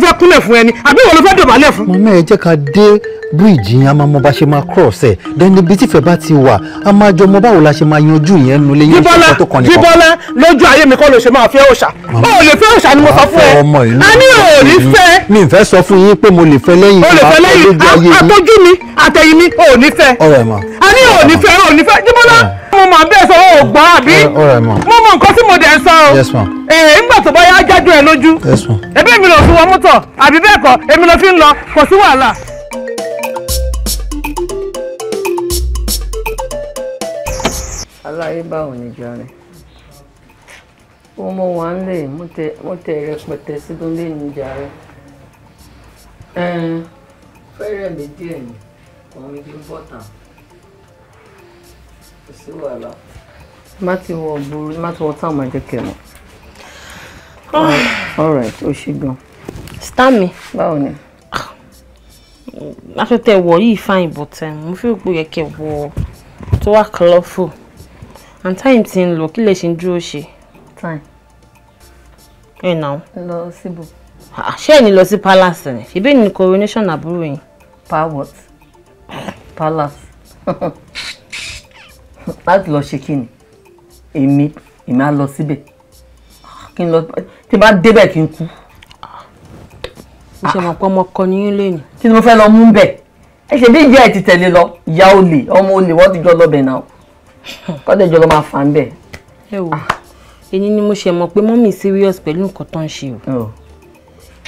tó fẹ́ kúnlẹ̀ fún ẹni àbí wọn ló fẹ́ dọ̀bálẹ̀ fún. màmá ẹ jẹ́ ká dé bíríìjì yẹn a máa mọ bá ṣe máa cross ẹ̀ dẹ́ni ibi tífẹ̀ bá ti wà a máa jọ mọ báwo la ṣe máa yanjú yẹn nu lé yẹn ṣe tó kàn nìkan. jíbọ́lá lójú ayé mi kọ́ ló ṣe máa fẹ́ òòṣà ó lè fẹ́ òòṣà ni mo sọ fún ẹ a ní ò ní fẹ́. mi ì fẹ́ sọ fún yín pé mo lè fẹ́ lẹ́yìn ìgbà àtọ́jú mi àtẹ̀yìn mi ò fẹ́. a ní ò fẹ́ ò fẹ́ jíbọ́lá mo mọ̀ bẹ́ẹ̀ sọ ò gbọ́ àbí mo mọ nǹkan tí mo dẹ̀ ń sọ o èè ńgbà eh, tó báyá jájú ẹ lójú ẹbí mi lọ fi wọ mọ́tò àbí bẹ́ẹ̀ kọ́ èmi lọ fi ń lọ kò sí wàhálà. aláyé báwo ni jọrin ó mọ wà ń lè mú tẹ rẹpẹtẹ síbi lè ní jàre fẹ́rẹ̀ mi díẹ̀ ni òun ni kí n bọ̀ tán kò sí wàhálà. má wọ burú má ti wọ táwọn máa jẹ kẹmọ. alright ó ṣe gan. star mi. báwo ni. Ah. aṣọ wọ yìí fine but eh, mo fi gbogbo yẹ kẹ wọ tó wà colourful and time ti ń lọ kí lè ṣe ń dúró ṣe. time. ẹ nà ó. lọ síbò. Ah, ṣé ẹ ní lọ sí palace ni ṣebí ní coronation àbúrò yín. pa what? palace. láti lọ ṣe kí ni èmi èmi á lọ síbẹ̀ kí n lọ tí n bá débẹ̀ kí n kú. ìṣe mọ̀ ọmọ kan ní ilé ni. kí ni mo fẹ́ lọ mú bẹ̀ ẹ ṣe bí ìyá ẹ ti tẹ̀lé lọ ìyá olè ọmọ olè wọ́n ti jọ lọ bẹ̀ náà kọ́dẹ̀ jọ lọ máa fà ń bẹ̀. ẹ wò ah. èyí ni mo ṣe mọ̀ pé mọ́mì serious pẹ̀lú nǹkan tó ń ṣe o oh.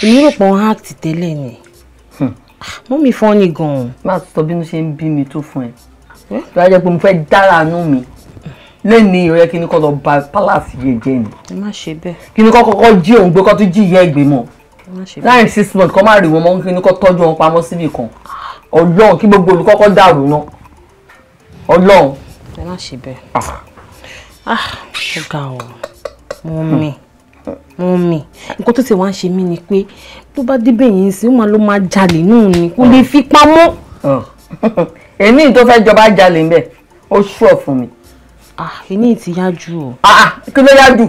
èmi rò pé wọ́n tẹ́lẹ̀ ni hmm. ah, mọ́mì fọ́ ni gan-an. má a sọ bínú ṣe ń bí mi tó fún ẹ. Eh? tó yà jẹ́ pé mo fẹ́ dára nú mi lẹ́ni ìrẹ́ kí ni kọ́ lọ ba palace yẹn jẹ́ ni. ẹ má ṣe bẹ́ẹ̀. kí ni kọ́ kọ́kọ́ jí òun gbé kọ́ tún jí ìyá ẹ̀gbẹ́ mọ́. ẹ má ṣe bẹ́ẹ̀. láàrin six months kọ́ má rí wọn mọ́ kí ni kọ́ tọ́jú wọn pamọ́ síbì kan ọlọ́run kí gbogbo olùkọ́kọ́ dàrú náà ọlọ́run. ẹ má ṣe bẹ́ẹ̀. ah, ah ó ga ọ mo mi mo mi nǹkan tó ti wá ń ṣe mí ni pé tó bá débẹ̀ yìí sí ó máa ló máa jalè náà ni kó lè fi pamọ́. Ah. èmi tó fẹ́ jọba jalè ń bẹ̀ ó ṣùọ̀ fún mi. Ah, èmi ti yá jù o. Ah, ah, kí ló yá jù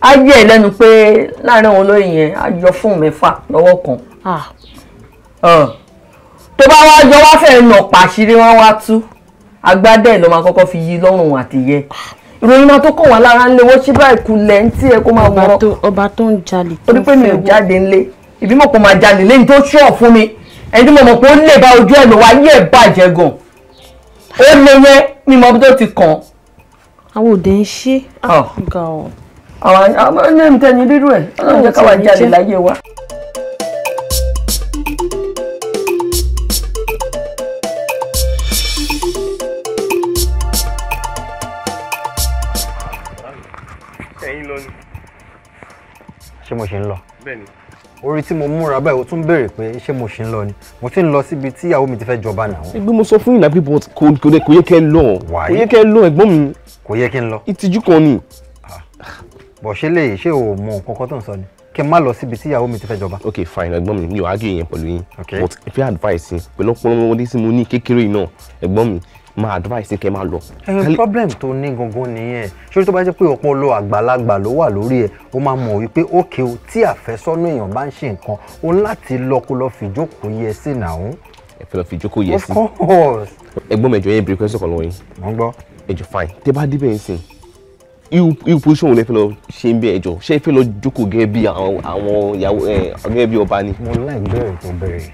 á yẹ ẹ lẹ́nu pé láàrin òun lóye yẹn á yọ fún mẹ́fà lọ́wọ́ kan. tó bá wá jọ wá fẹ́ẹ́ nà pàṣírí wọn wá tú agbádá ẹ̀ ló máa kọ́kọ́ fi yí lọ́rùn àtìyẹ ìròyìn máa tó kàn wá lára ńlẹ̀ wọ́n ṣí báyìí kulẹ̀ ń tí ẹ kó máa wọ́n. ọba tó ń jalè tó ń fẹ́ wọ́n. ó ní pé mi ò jáde ńlẹ̀ ìbímọ kò máa jalè lẹ́yìn tó ṣọ́ọ̀ fún mi ẹni tí mo mọ̀ pé ó lè bá ojú ẹ̀ lò wá yé ẹ̀ bàjẹ́ gan ó lè yẹ mímọ tó ti kàn. àwọn òde ń ṣe àgbà ọ. àwọn àwọn ilé mi tẹ́ni rírú ẹ̀ ọlọ́run jẹ́ káwa jáde láyé wa. ṣé mo ṣe ń lọ. bẹ́ẹ̀ orí tí mo múra báyìí o tún béèrè pé ṣé mo ṣì ń lọ ni mo ti ń lọ síbi tí ìyàwó mi ti fẹ́ jọba náà. ṣùgbọ́n mo sọ fún ìlànà bíbọ kò yẹ kẹ́ ẹ lọ kò yẹ kẹ́ ẹ lọ ẹ̀gbọ́n mi. kò yẹ kí n lọ. ìtìjú kan ni. Ah. bọ̀ ṣé lè ṣé o mọ nǹkan kan tó ń sọ ni kí n má lọ síbi tí ìyàwó mi ti fẹ́ jọba. ok fine ẹ̀gbọ́n mi mi ò ágé yẹn pẹ̀lú yín but if you advice yín pẹ̀lú ọpọlọ ọmọdé tí mo ní kékeré náà ẹ̀gbọ́n mi máa advice kẹ́ máa lọ. ẹyin problem tó ní gangan nìyẹn ṣórí tó bá jẹ́ pé ọpọlọ àgbàlagbà ló wà lórí ẹ̀ ó máa mọ̀ wípé ókè o tí àfẹ́sọ́nà èèyàn bá ń ṣe nǹkan o láti lọ kó lọ fìjókòó yẹ sí nàún. ẹ fẹ́ lọ fìjókòó yẹ sí. of course. ẹ̀gbọ́n mi ẹjọ yẹn bèrè pẹ́sẹ̀ kan lọ́wọ́ yín. mo gbọ́. ẹjọ fine tẹ bá débẹ̀ nsìn irú position wo lẹ fẹ́ lọ ṣe ń bẹ ẹjọ ṣé ẹ fẹ́ lọ jókòó gẹ́gẹ́ bí àwọn ìyàwó gẹ́gẹ́ bí ọba ni. mo láì bẹ̀rẹ̀ tó bẹ̀rẹ̀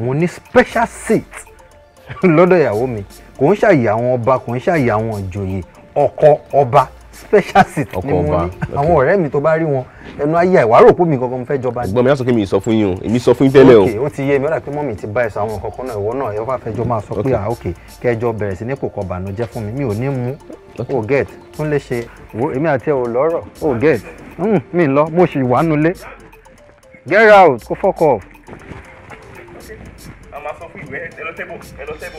mo ní special seat lọ́dọ̀ ìyàwó mi kò ń ṣàyè àwọn ọba kò ń ṣàyè àwọn ìjòyè ọkọ ọba special seat ni mo ní àwọn ọ̀rẹ́ mi tó bá rí wọn ẹnu ayé àìwárò pé mi kankan mo fẹ́ jọba. ẹ̀gbọ́n mi á sọ pé mi sọ fún yín o èmi sọ fún yín tẹ́lẹ̀ o. ok ó ti yé mi ó dà pé mọ́mì ti bá ẹ̀sọ́ àwọn kankan náà ìwọ náà ẹ bá fẹ́ máa sọ pé ah ok kẹjọ bẹ̀rẹ̀ sí ní kò kọ bànújẹ́ fún mi mi ò ní mú o get tún lè ṣe wo èmi àti ẹ ò lọ́rọ̀ o get hmm, mi lọ mo sì wà nulẹ̀ get out kó fọ́kọ̀. a máa sọ fún ìwé ẹ lọ tẹ́bù ẹ lọ tẹ́bù.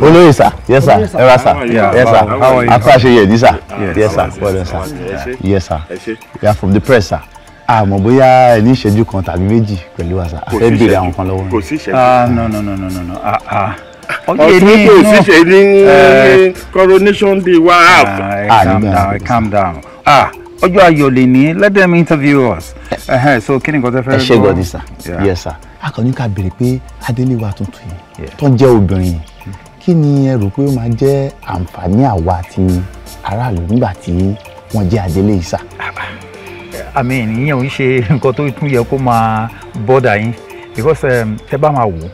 olóyè eh, sà yes sir ẹ ra sà yes sir akọ́ṣe yẹ̀dí sà yes sir well done sir yes sir you are from the press sir àmọ́ ah, bóyá ẹ ní ìṣẹ́jú kan tàbí méjì pẹ̀lú wa sà àfẹ́ béèrè àwọn kan lọ́wọ́ kò sí ìṣẹ́jú. Ah, no no no no no ah ah ọtún kò sí ṣe ní eh, coronation day wa ah, half. Eh, calm down calm down ah ọjọ́ ayọ̀ lè ní let them interview us so kí ni nǹkan tẹ́ fẹ́ gbọ́. ẹ ṣe gbọ́ ní sà yes sir akọni ká béèrè pé adélé wa tuntun yìí tó jẹ́ obìnrin yìí kí ni ẹ rò pé ó máa jẹ́ àǹfààní àwa àti aráàlú nígbà tí wọ́n jẹ́ adélé yìí àmì ìyẹn ò ń ṣe nǹkan tó tún yẹ kó máa bọ́dà yín because um, tẹ́ bá máa wò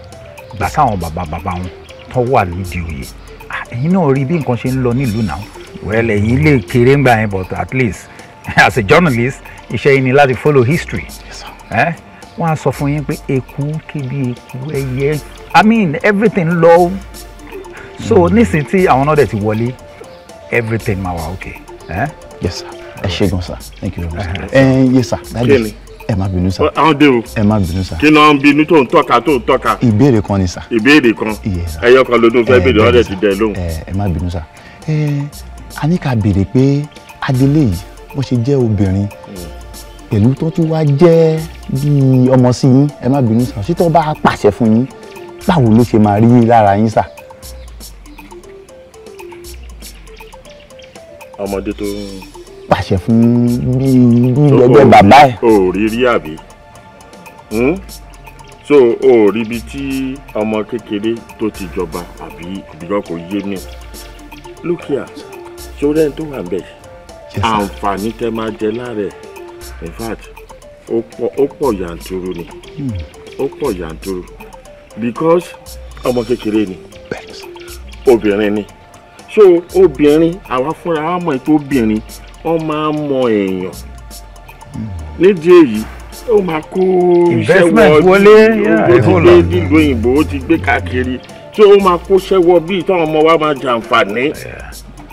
gbà sáwọn bàbá bàbá wọn tó wà lídìí òye ẹ̀yin náà rí bí nǹkan ṣe ń lọ nílùú náà well ẹ̀yin lè kéré ńgbà yẹn but at least as a journalist iṣẹ́ yín ni láti follow history. Yes, wọ́n á sọ fún yín pé èkú kíbi èkú ẹyẹ i mean everything lọ so mm. nísìnyí tí àwọn náà dẹ̀ ti wọlé everything máa wà okay. Eh? yes sir ẹ ṣé gan sir thank you very much ẹ sir dájú eh, eh, ẹ má bínú sir àwọn dé o ẹ má bínú sir kí ló ń bínú tó ń tọ́ka tó ń tọ́ka ìbéèrè kan ni sir ìbéèrè kan ẹyọ kan ló dún fẹ́ béèrè ọ̀rẹ́ ti dẹ̀ lóhùn ẹ má bínú sir a ní ká béèrè pé adelé yìí bó ṣe jẹ́ obìnrin pẹ̀lú tó tún wá jẹ́ bíi ọmọ sí yín ẹ má bínú sà sí tó bá pàṣẹ fún yín báwo ló ṣe máa rí lára yín sà. ọmọdé tó ń. pàṣẹ fún bíi bíi ẹgbẹ́ bàbá ẹ̀. o ò rí rí àbí hmm? so o ò rí ibi tí ọmọ kékeré tó ti jọba àbí ìbílẹ̀ kò yé mi lókè à sórí ẹni tó wà ń bẹ̀ àǹfààní tẹ máa jẹ lára ẹ̀ in fact ó pọ̀ ó pọ̀ yanturu ni hmm. ó pọ̀ yanturu because ọmọ kékeré ni obìnrin ni so obìnrin àwa fúnra wa mọ̀ ètò obìnrin wọ́n máa ń mọ èèyàn hmm. nídìí èyí ó máa kó iṣẹ́ wọlé ó ti gbé nílùú òyìnbó ó ti gbé káàkiri tí ó máa kó ṣẹ́wọ́ bíi táwọn ọmọ wa máa jàǹfààní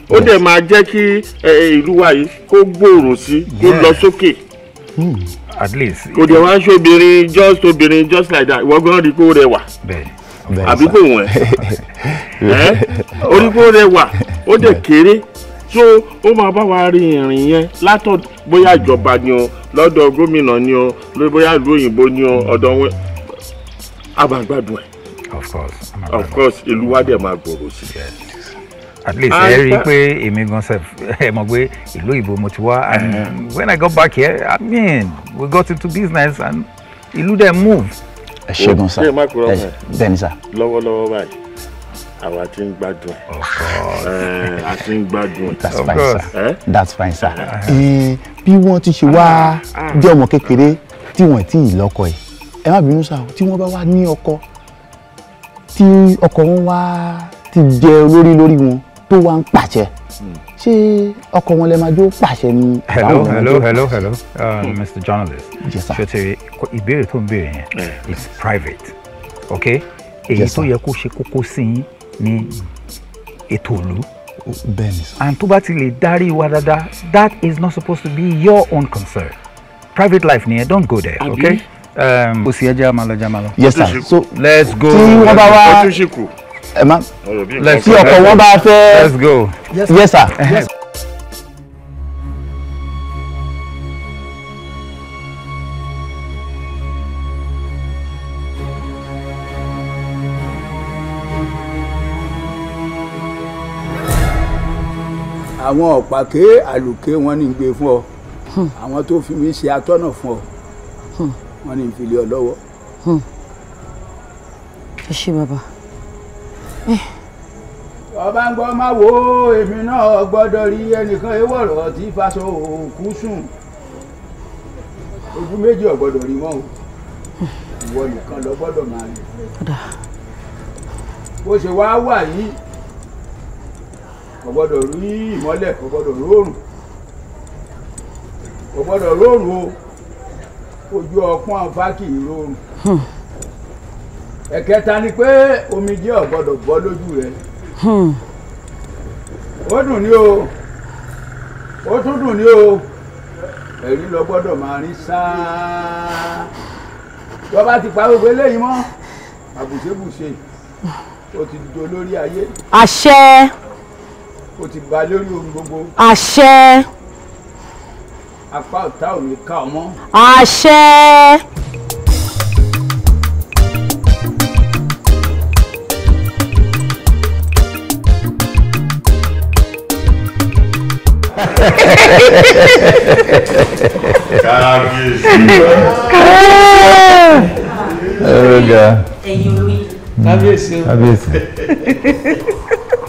ó dẹ̀ máa jẹ́ kí eh, ìlú wa yìí kó gbòòrò sí kó lọ sókè. Hmm, at least. kò dẹ̀ wá ṣobìnrin just obìnrin just like that ìwọ gan rí kó rẹwà àbí kò wọ̀n ẹ́ orí kó rẹwà ó dẹ̀ kéré so ó máa bá wa rin ìrìn yẹn látọ̀ bóyá ìjọba ni o lọ́dọ̀ gómìnà ni o bóyá ìlú òyìnbó ni o ọ̀dọ̀ wọn àbàgbàdùn ẹ̀ of course ìlú wa dẹ̀ máa gbòòrò sí i at least ah, ẹ rí i pé èmi gan sef ẹ mọ̀ pé ìlú ìbò mo ti wá and when i got back here i mean we got into business and ìlú dẹ̀ move. ẹ ṣe gan sa bẹ́ẹ̀ ni lọ́wọ́lọ́wọ́ báyìí àwa ti ń gbádùn ẹ a ti ń gbádùn that's fine sir that's fine sir. bí wọ́n ti ṣe wá jẹ́ ọmọ kékeré tí wọ́n ti ì ẹ̀ ẹ má bínú sáà tí wọ́n bá wá ní ọkọ tí ọkọ wọn wá ti jẹ olórí lórí wọn tó wá ń pàṣẹ hmm. ṣé ọkọ wọn lè máa jó pàṣẹ ni. hello hello hello um, hello hmm. mr journalist ṣètò ìbéèrè tó ń béèrè yẹn eh. it's private ok èyí tó yẹ kó ṣe kókó sí yín ní ètò òlu and tó bá ti lè dárí wa dáadáa that is not supposed to be your own concern private life nìyẹn don't go there ok. Um, kò sí ẹjẹ àmàlọ́jà àmàlọ́. yes sir so let's go. tí wọ́n bá wá ẹ má tí ọkọ̀ wọn bá fẹ́ let's go yes sir. Yes. àwọn ọ̀pàké àlùké wọn ní gbé fún ọ hmm. àwọn tó fi mí ṣe atọ́nà fún ọ hmm. wọn ní ìfìlẹ̀ ọ lọ́wọ́. Hmm. ẹ ṣé bàbá ọba ń gbọ́ máa wo èmi náà gbọ́dọ̀ rí ẹnìkan ewọ̀rọ̀ tí faṣọ òkú sùn ojú méjì ò rí wọn o ìwọ nìkan lọ gbọ́dọ̀ máa rí bó ṣe wá wà yìí kò rí ìmọ́lẹ̀ kò róòrùn kò róòrùn o ojú ọpọ́n afá kì ẹ̀kẹta ni pé omijé ò gbọ́dọ̀ bọ́ lójú rẹ hmm. ó dùn ní o ó tún dùn ní o ẹ̀rí lọ gbọ́dọ̀ máa rí sáá tó bá ti pa gbogbo eléyìí mọ́ àbùṣebùṣe ó ti do lórí ayé. àṣẹ. ó ti ba lórí ohun gbogbo. àṣẹ. apá ọ̀tá ò ní ká ọ mọ́. àṣẹ. ẹ̀yin olóyè kábíyèsí kábíyèsí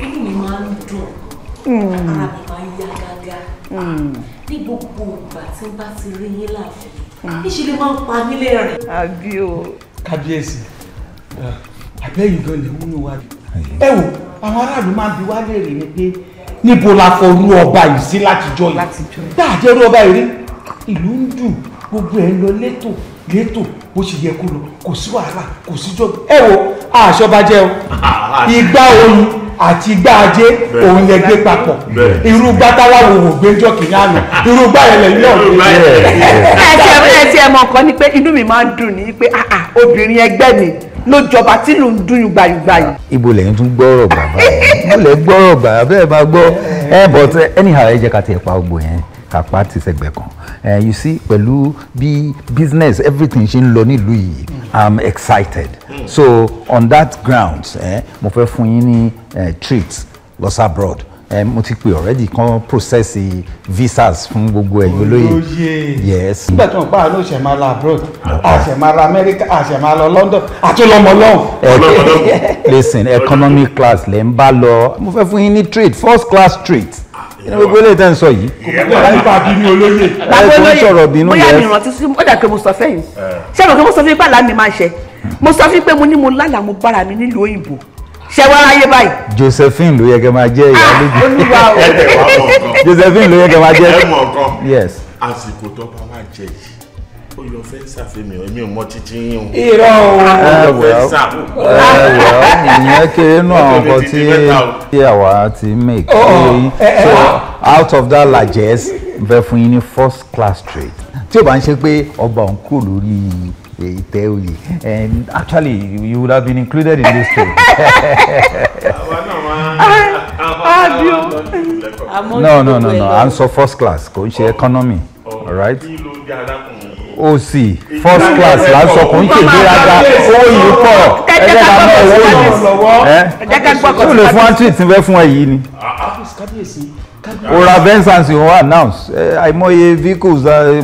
inú mi máa ń dùn ara mi máa ń yá gágá ní gbogbo ìgbà tí n bá ti rí yín láàfin níṣẹ́ ló máa ń pa mí lẹ́rìn. àbí o. kábíyèsí ah, àbẹ́yìn gan-an lè wúlò wá rí ẹ wò àwọn aráàlú máa ń bi wá léèrè ni pé níbo la fọrú ọba yìí sí látijọ́ yìí dáàjẹ́ rú ọba yìí rí ìlú ń dùn gbogbo ẹ̀ ń lọ létò létò bó ṣe yẹ kó lọ kò sí wàhálà kò sí jọ ẹ wo àṣọbajẹ o ìgbà oyin àti ìgbà ajé òun lè gbé papọ̀ irú gbátáwá wo wò gbé kìíní àná irú gbá yẹn lẹ́yìn ọ̀hún. ẹ ti ẹ mọ̀ kọ́ ni pé inú mi máa ń dùn ní pé ah, ah, obìnrin ẹgbẹ́ mi ló jọba tí ló ń dúnyún gbayugbayu. ibo lẹ́yìn tún gbọ́rọ̀ bàbá ẹ̀ mo lè gbọ́rọ̀ bàbá bẹ́ẹ̀ máa gbọ́ ẹ but anyhow ẹ jẹ́ ká tiẹ̀ pa gbogbo yẹn ká pa ti sẹ́gbẹ̀ kan you see pẹ̀lú bí business everything ṣe ń lọ nílùú yìí i'm excited so on that ground eh, mo fẹ́ fún yín ní treat lọ abroad mo ti pe already kan process visas fún gbogbo ẹ̀yin olóyè. yes. nígbà tí wọn pa àánú ṣe máa lọ abroad àṣẹ ah. máa lọ America àṣẹ máa lọ London àti lọmọ lọhùn. listen economy class lẹ́ ń bá lọ mo fẹ́ fún yín ní trade first class trade inú ah. gbogbo ilé ìtẹ́ ń sọ yìí. kò kọ́ nípa bínú olóyè. lábẹ́ olóyè bóyá mi rántí sí ó dà pé mo sọ fẹ́yìn eh. ṣé mo kí mo sọ fún yín pé àlá mi máa ṣe mo sọ fún yín pé mo ní mo lálàá mo bára mi nílùú òyìnbó ṣe wá láyé báyìí. Josephine ló yẹ kẹ máa jẹ ìyá ah, lójú. olúwa o Josephine ló yẹ kẹ máa jẹ. ẹ mọ̀ kan yes. àsìkò tó bá wà jẹ yìí ó yọ fẹ́ ṣàfihàn èmi ò mọ títí yín o. irọ́ o. ẹ wẹ ọ ẹ wẹ ọ ìyẹn kéré náà nǹkan tí àwa ti make oh, eh, eh, so eh. out of that largesse bẹ fún yín ní first class trade tí o bá ń ṣe pé ọba òun kúrò lórí Teuli. And actually, you would have been included in this film. no, no, no, no. I'm so first class. Go into economy. Oh, all right. O sì first class là ń sọ kò ń ṣe ìgbéraga owó yìí pọ̀ ẹ̀jẹ̀ ká mọ owó yìí. Ṣé o lè fún àǹtí tí ń fún ẹ yìí ni? kábíyèsí kábíyèsí. ó ra vengeance òun announce àìmọye vehicles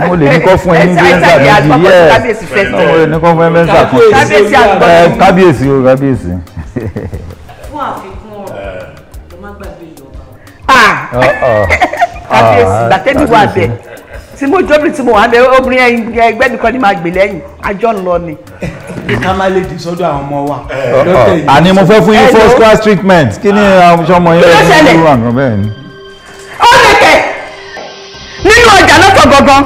mo lè ní kọ́ fún ẹ ní vengeance méjì yẹ mo lè ní kọ́ fún ẹ vengeance kan kábíyèsí o kábíyèsí. fún àfikún ọ̀rọ̀ ló má gbàgbé ìyọba. Ah! Uh, uh, uh, kábíyèsí gbàtẹ́bí wà bẹ́ẹ̀ tí mo jóbìrì tí mo wà bẹ́ẹ̀ obìnrin ẹgbẹ́ nìkan ni máa gbè lẹ́yìn àjọ ńlọ ni ká má lè di sọ́dọ̀ àwọn ọmọ wa. àní mo fẹ́ fún yín first class treatment kí ni àwọn ọmọ yẹn ló ń wà nǹkan bẹ́ẹ̀ ni. ó lèkè nínú ọjà lọ́tọ̀ gangan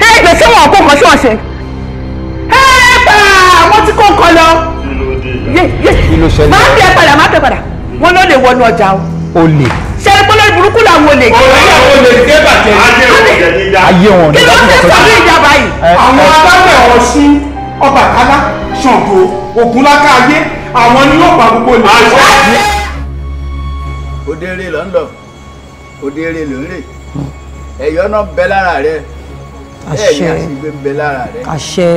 láì pẹ́ sí wọn kó nǹkan sí wọn ṣe. ẹ pa àwọn tí kò kọ lọ. kí ló ṣẹlẹ̀ máa ń tẹ padà máa ń tẹ padà wọn ló lè wọnú ọjà o. o lè. ṣe é pé burúkú làwọn olè. olè ké bàjẹ́ ayé wọn kí ló ń tẹ̀sán ní Ọbàtálá Ṣàngó Ògúnláká ayé àwọn ni yóò pa gbogbo ìlú. òde eré London òde eré lóore ẹ̀yọ́ náà bẹ lára rẹ ẹ̀yìn àṣìgbé bẹ lára rẹ. àṣẹ.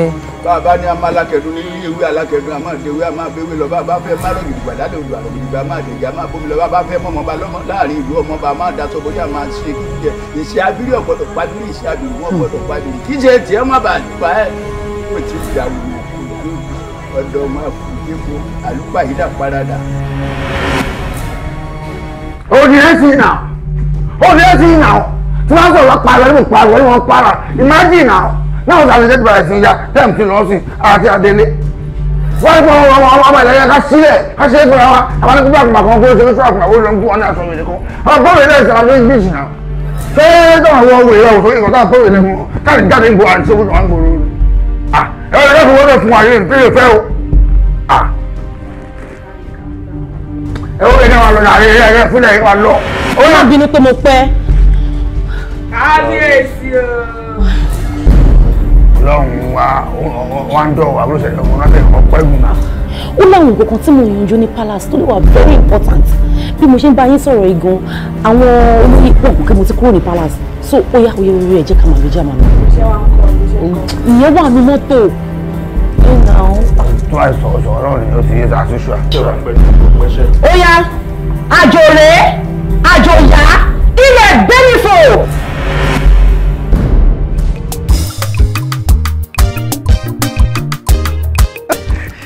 bàbá ní a máa lákẹ́dùn ní ewé alákẹ́dùn a máa dewé a máa béwé lọ bàbá fẹ́ má lọ́gìdì gbàdá lè lu àlọ́ gidi gbà máa dèjì a máa bómi lọ bàbá fẹ́ mọ̀ ọmọba lọ́mọ láàrin ìlú ọmọba máa da sọ bóyá máa ṣe kíkẹ́ ìṣe abiri ọ̀gbọ́dọ̀ pàdúrì ìṣe abiri wọn ọ̀gbọ́dọ̀ pàdúrì kíjẹ tiẹ̀ má bàa nípa ẹ̀ pè tí ìyá wù ú ọ̀dọ̀ máa fún yípo àlùpàyídà paradà. òní ẹ ti nà òní ẹ ti nà tí wọ́n sọ̀rọ̀ pariwo ní pariwo ní wọ́n para ìmájì nà náà sàlẹ̀ ṣe ti bẹ̀rẹ̀ sí ya tẹ́ẹ̀mù tí nọ́ọ̀sì àti adélé wọ́n fọ ọmọ ọmọ ọmọ ìlẹ́yà ká sílẹ̀ ká ṣe é fún wa àwọn ẹni gbọ́dọ̀ àkùnbà kan kó ṣe fún àkùnbà wọn lọ ń kú wọn ní àtọ̀ mìíràn kan àwọn bọ́ọ̀lù ilé ìsìn àwọn méjì jìnnà ṣé táwọn wọ òwe yọ òfin ìkọ̀tà bọ́ọ̀lù ilé mu káàdì jáde ń bọ̀ àti ṣé kó tó wà ń gbòòrò Ah, ẹ ẹ lọ́sùn wọ́n fún wa nítorí ìfẹ́ o ah. ẹ ó lè ní wa lọ láàrin ẹ ẹ fúnlẹ̀ yìí wa lọ. ó máa bínú pé mo pẹ́. kábíyèsí o. ọlọ́run wa wá ń dọ̀ wá ló ṣẹlẹ̀ ọmọ náà tẹ̀lé ọpẹ́ gùn náà. ó láwọn nǹkan kan tí mo yanjú ní palace tó lè wà very important bí mo ṣe ń bá yín sọ̀rọ̀ yìí gan àwọn olóyè pọ̀ kí mo ti kúrò ní palace so ó yá oyè orí ẹ̀ jẹ́ ká màlúù jẹ́ màlúù ìyẹn wà ní mọ́tò ẹ nà án. tó àìsàn ọ̀sán ọlọ́run ni ó ti yé àtúnṣe àtúnṣe. ó yá àjò rèé àjò yá ilẹ̀ bẹ́nìfò.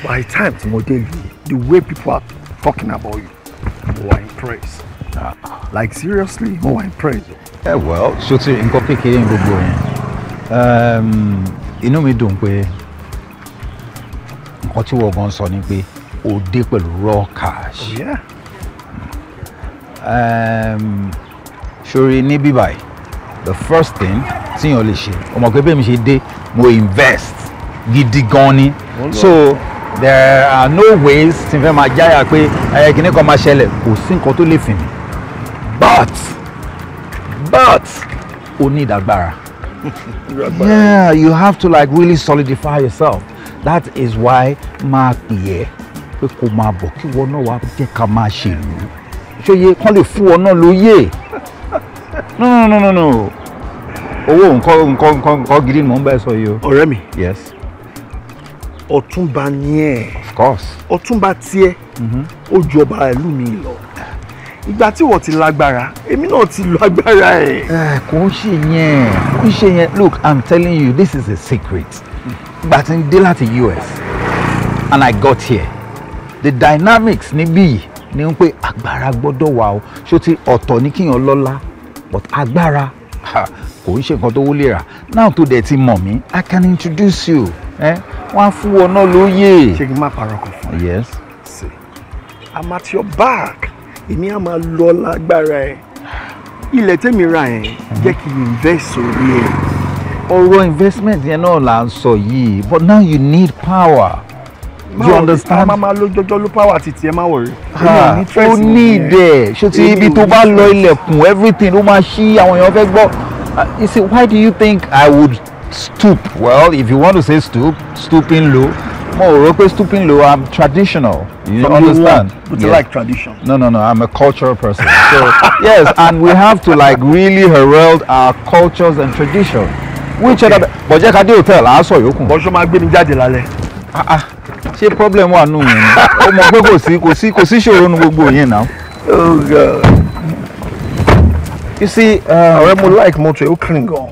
by time tí mo dé yìí the way people are talking about you mo wà impressed. Ah. like seriously mo wà impressed. ẹ wẹ́l ṣó ti nǹkan kékeré ń gbogbo yẹn. Ehm, inú mi dùn pé nǹkan tí wọ́n gan sọ ni pé o dé pẹ̀lú raw cash. Oh, yeah. um, ehm, sori ní bíbáyìí the first thing tíyan lè ṣe ọmọ pé bẹ́ẹ̀ mi ṣe dé mo invest gidi gan ni oh, so there are no ways tí n fẹ́ máa jáyà pé ẹ̀yẹ kìíní kan máa ṣẹlẹ̀ kò sí nǹkan tó lè fì but but o ní ìdágbára yeah, you have to like really solidify yourself. That is why máa pè ẹ́ pé kó máa bọ̀ kí wọn náà wá jẹ́ ká máa ṣèlú. Ṣóye kán lè fún ọ náà lóyè. No no no no. Owó nǹkan nǹkan nǹkan nǹkan gidi ni mò ń bá ẹ sọ yìí o. Ọ̀rẹ́ mi. Yes. Ọ̀túnba ni ẹ̀. Of course. Ọ̀túnba tiẹ̀. Mm-hmm. Ó ju ọba ìlú mi lọ ìgbà tí wọ́n ti lágbára èmi náà ti lo agbára ẹ̀. kò ń ṣe yẹn kò ń ṣe yẹn look i'm telling you this is a secret ìgbà tí n dé láti US and i got here the dynamics níbí ni pé agbára gbọ́dọ̀ wà o ṣó ti ọ̀tọ̀ ní kíyàn lọ́lá but agbára kò ń ṣe nǹkan tó wúlera now to dẹ̀ ti mọ̀ mí i can introduce you wọ́n á fún ọ náà lóye. ṣé kí n má parọ́ kan fún ẹ. yes. see i'm at your back èmi á máa lọ lágbára ẹ̀ ilẹ̀ tẹ́mi ra ẹ̀ jẹ́ kí n invest sórí ẹ̀. ọ̀rọ̀ investment yẹn náà là ń sọ yìí but now you need power you understand. máa máa lójọjọ ló power àti tiẹ̀ máa wọ̀rẹ́. ó ní ìdẹ̀ ṣé ti ibi tó bá lọ ilẹ̀kùn everything ó máa ṣí àwọn èèyàn fẹ́ gbọ́ you see why do you think I would stoop well if you want to say stoop stooping low mo rò pé stooping low i'm traditional you From understand you want, yeah. like tradition no no no i'm a cultural person so yes and we have to like really herald our cultures and tradition which okay. other but jẹ́ ká dé hotel à á sọ yòókù. bọ́sọ̀ máa gbé mi jáde lálẹ́. Ah, ah. ṣé problem wà nù yẹn o mọ̀ pé kò sí kò sí kò sí ṣòro nu gbogbo yẹn náà. oh god. you see uh, ọ̀rẹ́ mo like motor ó clean gan.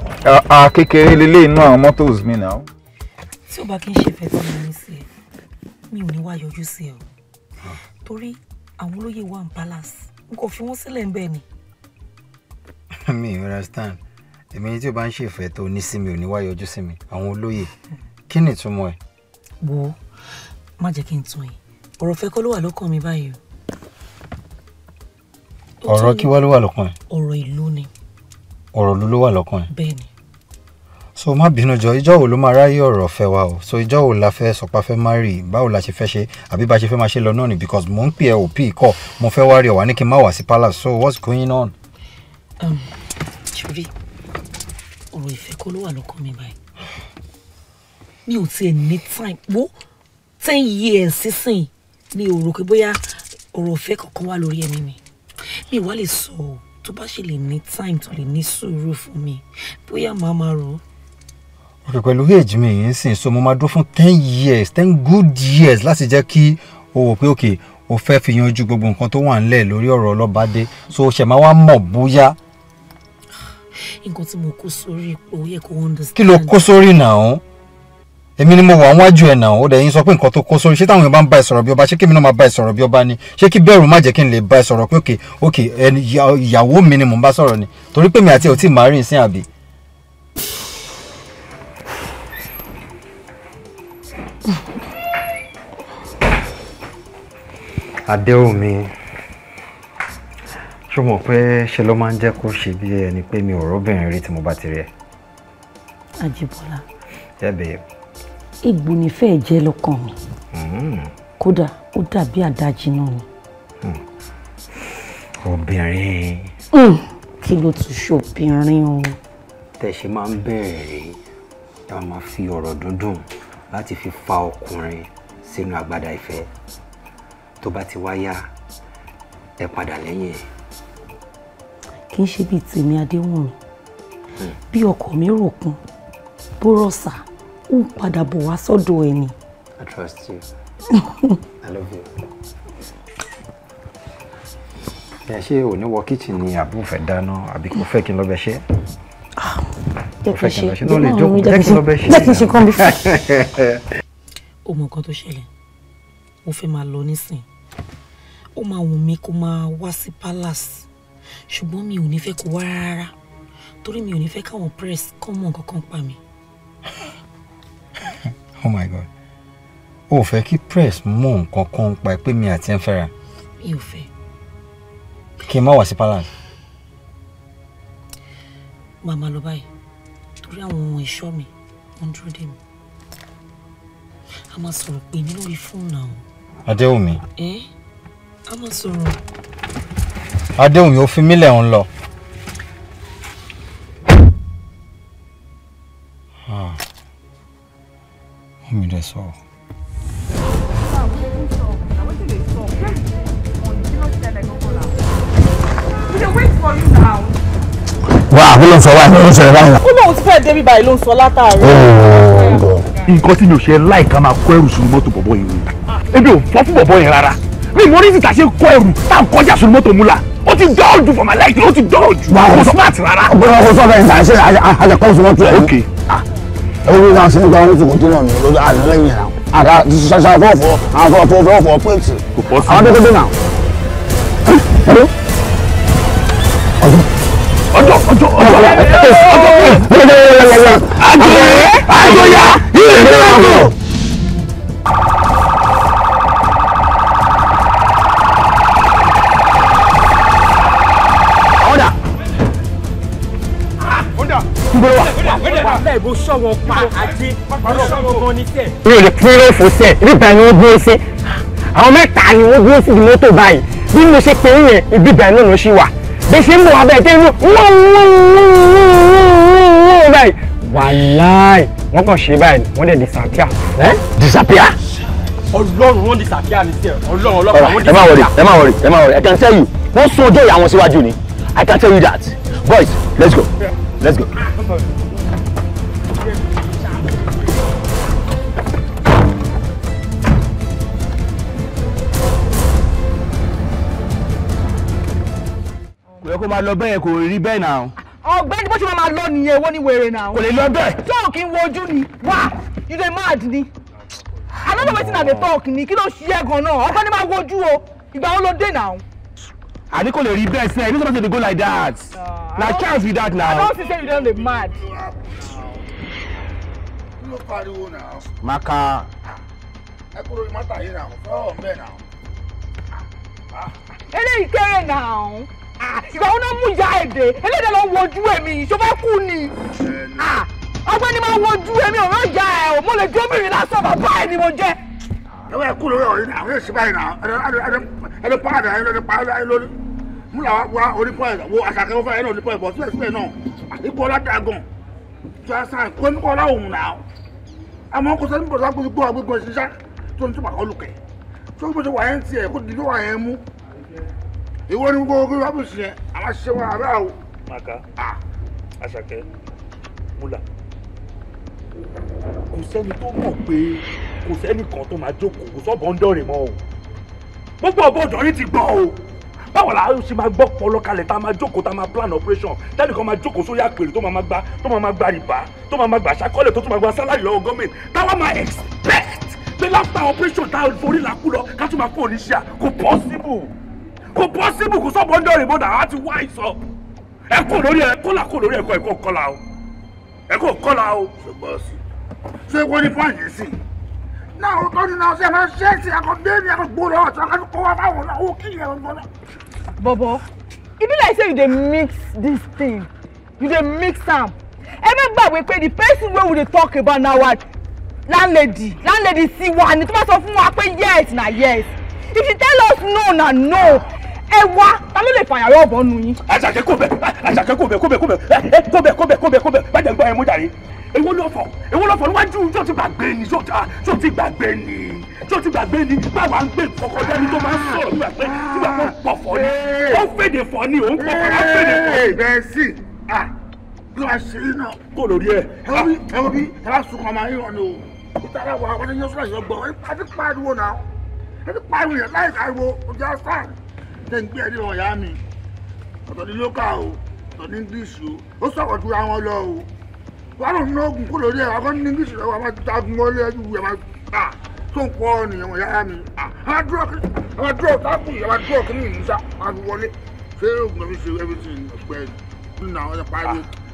kékeré lélẹ́yìn náà motos mi náà. tí o bá kí n ṣe fẹ́ mi mi ò ní wá yọjú sí ẹ o ah. torí àwọn olóyè wà ń balance n kò fi wọ́n sílẹ̀ ń bẹ̀ ni. mi ò understand èmi tí o bá ń ṣèfẹ́ tó ní sí mi ò ní wá yọjú sí mi àwọn olóyè kí ni ìtumọ̀ ẹ̀. wo má jẹ́ kí n tún yín ọ̀rọ̀ fẹ́ kọ́ ló wà lọ́kàn mi báyìí ọ̀rọ̀ kí wá ló wà lọ́kàn ẹ̀. ọ̀rọ̀ ìlú ni. ọ̀rọ̀ ìlú ló wà lọ́kàn ẹ̀. bẹ́ẹ̀ ni so má bínú jọ ìjọ wo ló máa ráyè ọ̀rọ̀ fẹ́ wa o so ìjọ wo la fẹ́ sọpá fẹ́ má rí báwo la ṣe fẹ́ ṣe àbí bá ṣe fẹ́ máa ṣe lọ náà ni because mò ń pè ẹ́ òpì kọ́ mo fẹ́ wá rí ọ wá ní kí n má wá sí palace so what's going on. ṣùrí um, ọ̀rọ̀ ìfẹ́ kọ́ ló wà lọ́kàn mi báyìí mi ò tiẹ̀ ní time wo ten years sísìn mi ò rò pé bóyá ọ̀rọ̀ ìfẹ́ kankan wà lórí ẹ̀mí mi mi wá lè sọ tó bá ṣe lè ní time tó lè ní sùúrù fún mi bóyá màá máa rò ó ok pẹ̀lú age mi yìí sìn so mo máa dúró fún ten years ten good years láti jẹ́ kí o wò pé ok o fẹ́ fi yanjú gbogbo nǹkan tó wà ńlẹ̀ lórí ọ̀rọ̀ ọlọ́bàdé so o ṣẹ̀ máa wá mọ̀ bóyá. nǹkan tí mo kó sórí pé yẹ kó understand. kí ló kó sórí náà èmi ni mo wà wájú ẹ̀ náà ó dẹ̀ yín sọ pé nǹkan tó kó sórí ṣé táwọn èèyàn bá ń bá ẹ sọ̀rọ̀ bí ọba ṣé kémi náà máa bá ẹ sọ̀rọ̀ bí ọba ni ṣé kí bẹ́ẹ̀rù má jẹ́ kí n lè bá ẹ sọ̀rọ̀ pé ok ok ìyàwó mi ni mò ń bá sọ̀rọ̀ ni torí pé mi àti ẹ̀ ò tí ì máa rìn sí àbí. Adéwùmí ṣó mọ̀ pé ṣe ló máa ń jẹ́ kó ṣe bí ẹni pé mi ò rọ́bìnrin rí tí mo bá ti rí ẹ. Àjíbọ́lá. Yeah babe. Egbò nífẹ̀ẹ́ jẹ́ lọ́kàn mi. Hmm. Kódà ó dàbí àdájì náà ni. Hmm. Obìnrin. Hmm. Kí ló tún ṣòbìnrin o? Tẹ̀sí máa ń bẹ̀rẹ̀ tá a máa fi ọ̀rọ̀ dúndùn láti fi fa ọkùnrin sínú agbádá ìfẹ́ tó bá ti wá yá ẹ padà lẹ́yìn ẹ̀. kì í ṣe bíi tèmi adéwùnmí hmm. bí ọkọ mi ròkun bó rọ̀ṣà ó ń padà bọ̀ wá sọ́dọ̀ ẹ̀ ni. I trust you. I love you. ẹ ṣé ò ní wọ kíchìn ni àbúfẹ́ dáná àbí kò fẹ́ kí n lọ bẹ ṣe nǹkan tó ṣẹlẹ̀ mo fẹ́ máa lọ nísìn ó máa wù mí kó máa wá sí palace ṣùgbọ́n mi ò ní fẹ́ kó wá rárá torí mi ò ní fẹ́ káwọn press kọ́ mọ̀ nǹkan pa mi. oh my god o ò fẹ́ kí press mọ̀ nǹkan kan pa pé mi àti ẹ̀ ń fẹ́ra. mi ò fẹ́. kí n má wá sí palace. màmá lọ báyìí torí àwọn ohun ẹ̀ṣọ́ mi wọ́n dúró dè mí a máa sọ̀rọ̀ pé mi lórí fóònù àwọn. adéwùmí. ẹ a máa sọ̀rọ̀. adéwùmí ó fi mílẹ̀ ń lọ. wọ́n ah. mi dẹ̀ sọ̀rọ̀. Wait for you now wà á ló ń sọ báyìí ló ń sọ báyìí. kó lóun ti fẹ́ débi báyìí ló ń sọ látàárọ̀. nǹkan tí mi ò ṣe láìka máa kó ẹrù sínú mọ́tò bọ̀bọ̀ yìí ebi ò fọ́ fún bọ̀bọ̀ yẹn rárá mi mo rí ìtàṣe kó ẹrù tá à ń kọjá sínú mọ́tò múlá ó ti dọ́ọ̀ ju for my life ó ti dọ́ọ̀ ju kò smart rárá. ọgbẹ́ni ọkọ sọ́fẹ̀ ìtàṣe àjẹkọ́ sínú mọ́tò ah, ẹ̀ ewu náà sí nígbà wọn tún kò náà ní lórí àná lẹ́yìn ẹ̀rọ àrà ṣàṣà fọ́ọ̀fọ́ àwọn fọ́ọ̀fọ́ fọ́ọ̀fọ́ pẹ̀tì àwọn dẹ́gbẹ́dẹ́ náà. ọjọ́ ọjọ́ àjòyà ìrìnà àgọ́. ìbò sọ̀wọ́ pa àti sọ̀wọ́ gan ni tẹ̀. mi ò lè pín ló fò sẹ nígbà ni wọn dúró sí àwọn mẹ́ta ni wọn dúró sí mọ́tò báyìí bí mo ṣe pé yẹn ìbí bẹ́ẹ̀ náà ló ṣì wà bí ṣe ń bọ̀ abẹ́ tí ń wọ́n báyìí wàláì wọ́n kàn ṣe báyìí wọ́n dẹ̀ disapia. disapia. ọlọ́run wọn disapia ní tiẹ̀ ọlọ́run ọlọ́pàá wọn disapia. ẹ má wọrí ẹ má wọrí ẹ má wọrí I can tell you wọ́n sún ọjọ́ ìyá wọn síwájú ni I can tell you that boys let's go let's go. kó máa lọ bẹ́ẹ̀ kò rí bẹ́ẹ̀ náà. ọ̀gbẹ́ni bó ṣe máa lọ nìyẹn owó ní wèrè náà. kò lè lọ bẹ́ẹ̀. talk in wojú ni wá you dey mad ni i no know wetin i dey talk ni kí ló ṣe é gan-an ọkọ ni máa wojú o ìgbà wo ló dé náà. àní kò lè rí bẹ́ẹ̀ sẹ́ẹ̀ nígbà tó dey go like that ah, na chance be that now. i don see say you don dey mad. maka. ẹ kúrò ní mọ́tà yìí náà fẹ́ràn bẹ́ẹ̀ náà. eléyìí kéré náà ìgbà wọn náà mú ìyá èdè eléyìí lọ wojú èmi yìí ṣọfẹ́ kú ni ah, ọgbẹ́ni máa wojú èmi ọ̀rọ̀ ìyá ẹ̀ ò mo lè jóbìnrin lásán bàbá ẹ̀ ni mo jẹ́. ẹwà ẹ kú lórí ọ̀rọ̀ yìí náà àwọn èsì báyìí náà ẹni pa àdá ẹni lórí pa ẹni lórí mú làwọn wá onípọ̀ ẹ̀ wo àṣàkẹ́ wọn fẹ́ ẹni onípọ̀ ẹ̀ bọ̀ síbẹ̀síbẹ̀ náà ipò ọlọ́dàgàn tí a sàn kó nípa ọlá òun náà àmọ́ kò sẹ́ni bọ̀dọ̀ gbogbo àgbègbè ṣiṣẹ́ tó ń túbà ọlùkẹ́ tó ń bọ̀dọ̀ wà ẹ̀ ń tiẹ̀ kó dìdó wà ẹ̀ ń mú ìwọ ni gbogbo gbogbo wa bù sí yẹn àwọn ṣiṣẹ́ wọn àbẹ́ àwò. màkà asake. Mula. kò sẹ́ni tó mọ̀ pé kò sẹ́ni kan tó máa jókòó kò sọ́bọ̀ ń dọ̀rìn mọ́ o gbogbo ọ̀bọ̀ ọ̀dọ́rin ti gbọ́ o báwo la ṣe máa gbọ́ pọlọ kalẹ̀ tá a máa jókòó tá a máa plan operation tẹ́lẹ̀ kan máa jókòó sórí àpèrè tó máa gba tó máa gba rìbá tó máa gba àṣàkọ́lẹ̀ tó tún máa gba sálárì lọ́wọ́ gọ́ọ̀mẹ̀ntì táwa máa expect pé láfta operation tá a forí làkú lọ ká tún máa fún oníṣẹ́ kò possible kò pọ́sibù kò sọ̀bọ̀ ń dọ̀rìn bọ́dà á ti wá ìsọ̀ ẹ kò lórí ẹ kọ́là kò lórí ẹ̀kọ́ ẹ̀kọ́ kọ́là o ẹ̀kọ́ kọ́là o. ṣùgbọ́n sí ṣé wọ́n ní fáyé sí i náà ó tọ́jú náà ṣe máa ṣe é sí akọ bẹ́ẹ̀ni akọ gbòòrò ọ̀tún akọ kọ́ wa báwo náà ó kí ìyẹn ọ̀gbọ́n náà. bọ̀bọ̀ e be like say you dey mix this thing you dey mix am ever gbàgbé pé the person wey we dey talk about na our landlady landlady Tiwa ni tó bá sọ fún wa pé yes na yes if she tell us no na no ẹ wá ta ló lè fàyàwó ọ̀bọ nu yín. àṣàkẹ́ kò bẹ̀ àṣàkẹ́ kò bẹ̀ kò bẹ̀ kò bẹ̀ kò bẹ̀ kò bẹ̀ kò bẹ̀ kò bẹ̀ bàjẹ́ gbọ́ ẹ mú jàre. èwo ló fọ èwo ló fọ níwájú yóò ti gbàgbé ni yóò ti gbàgbé ni yóò ti gbàgbé ni báwa ń gbé kọkọ dání tó máa ń sọ̀rọ̀ nígbà pé nígbà pé pọ̀ fọ́ ni ó fèdè fọ́ ni òun pọ̀ fọ́ fèdè fọ́. ẹ bẹ́ẹ̀ sì bí wàá ṣe é náà. kó lórí ẹ. ti pariwo yẹn láì pariwo ọjà sáà jẹ́ ń gbé ẹ̀rí ọ̀yá mi ọ̀tọ̀ ní lókà o ọ̀tọ̀ ní english o ó sọ̀rọ̀ ju àwọn lọ o wàá lòun ní oògùn kó lórí ẹ̀ akọ́ ní english lọ́wọ́ àwọn ti tagun mọ́lẹ́ ẹ̀jú ẹ̀ máa gbà tó ń pọ̀ nìyẹn ọ̀yá mi àwọn dúró tábù yìí àwọn dúró kí ni ìmúṣà máa fi wọlé ṣé oògùn ẹ̀mí ṣe everything ọ̀pẹ́ nínú àwọn ẹ̀pá yìí.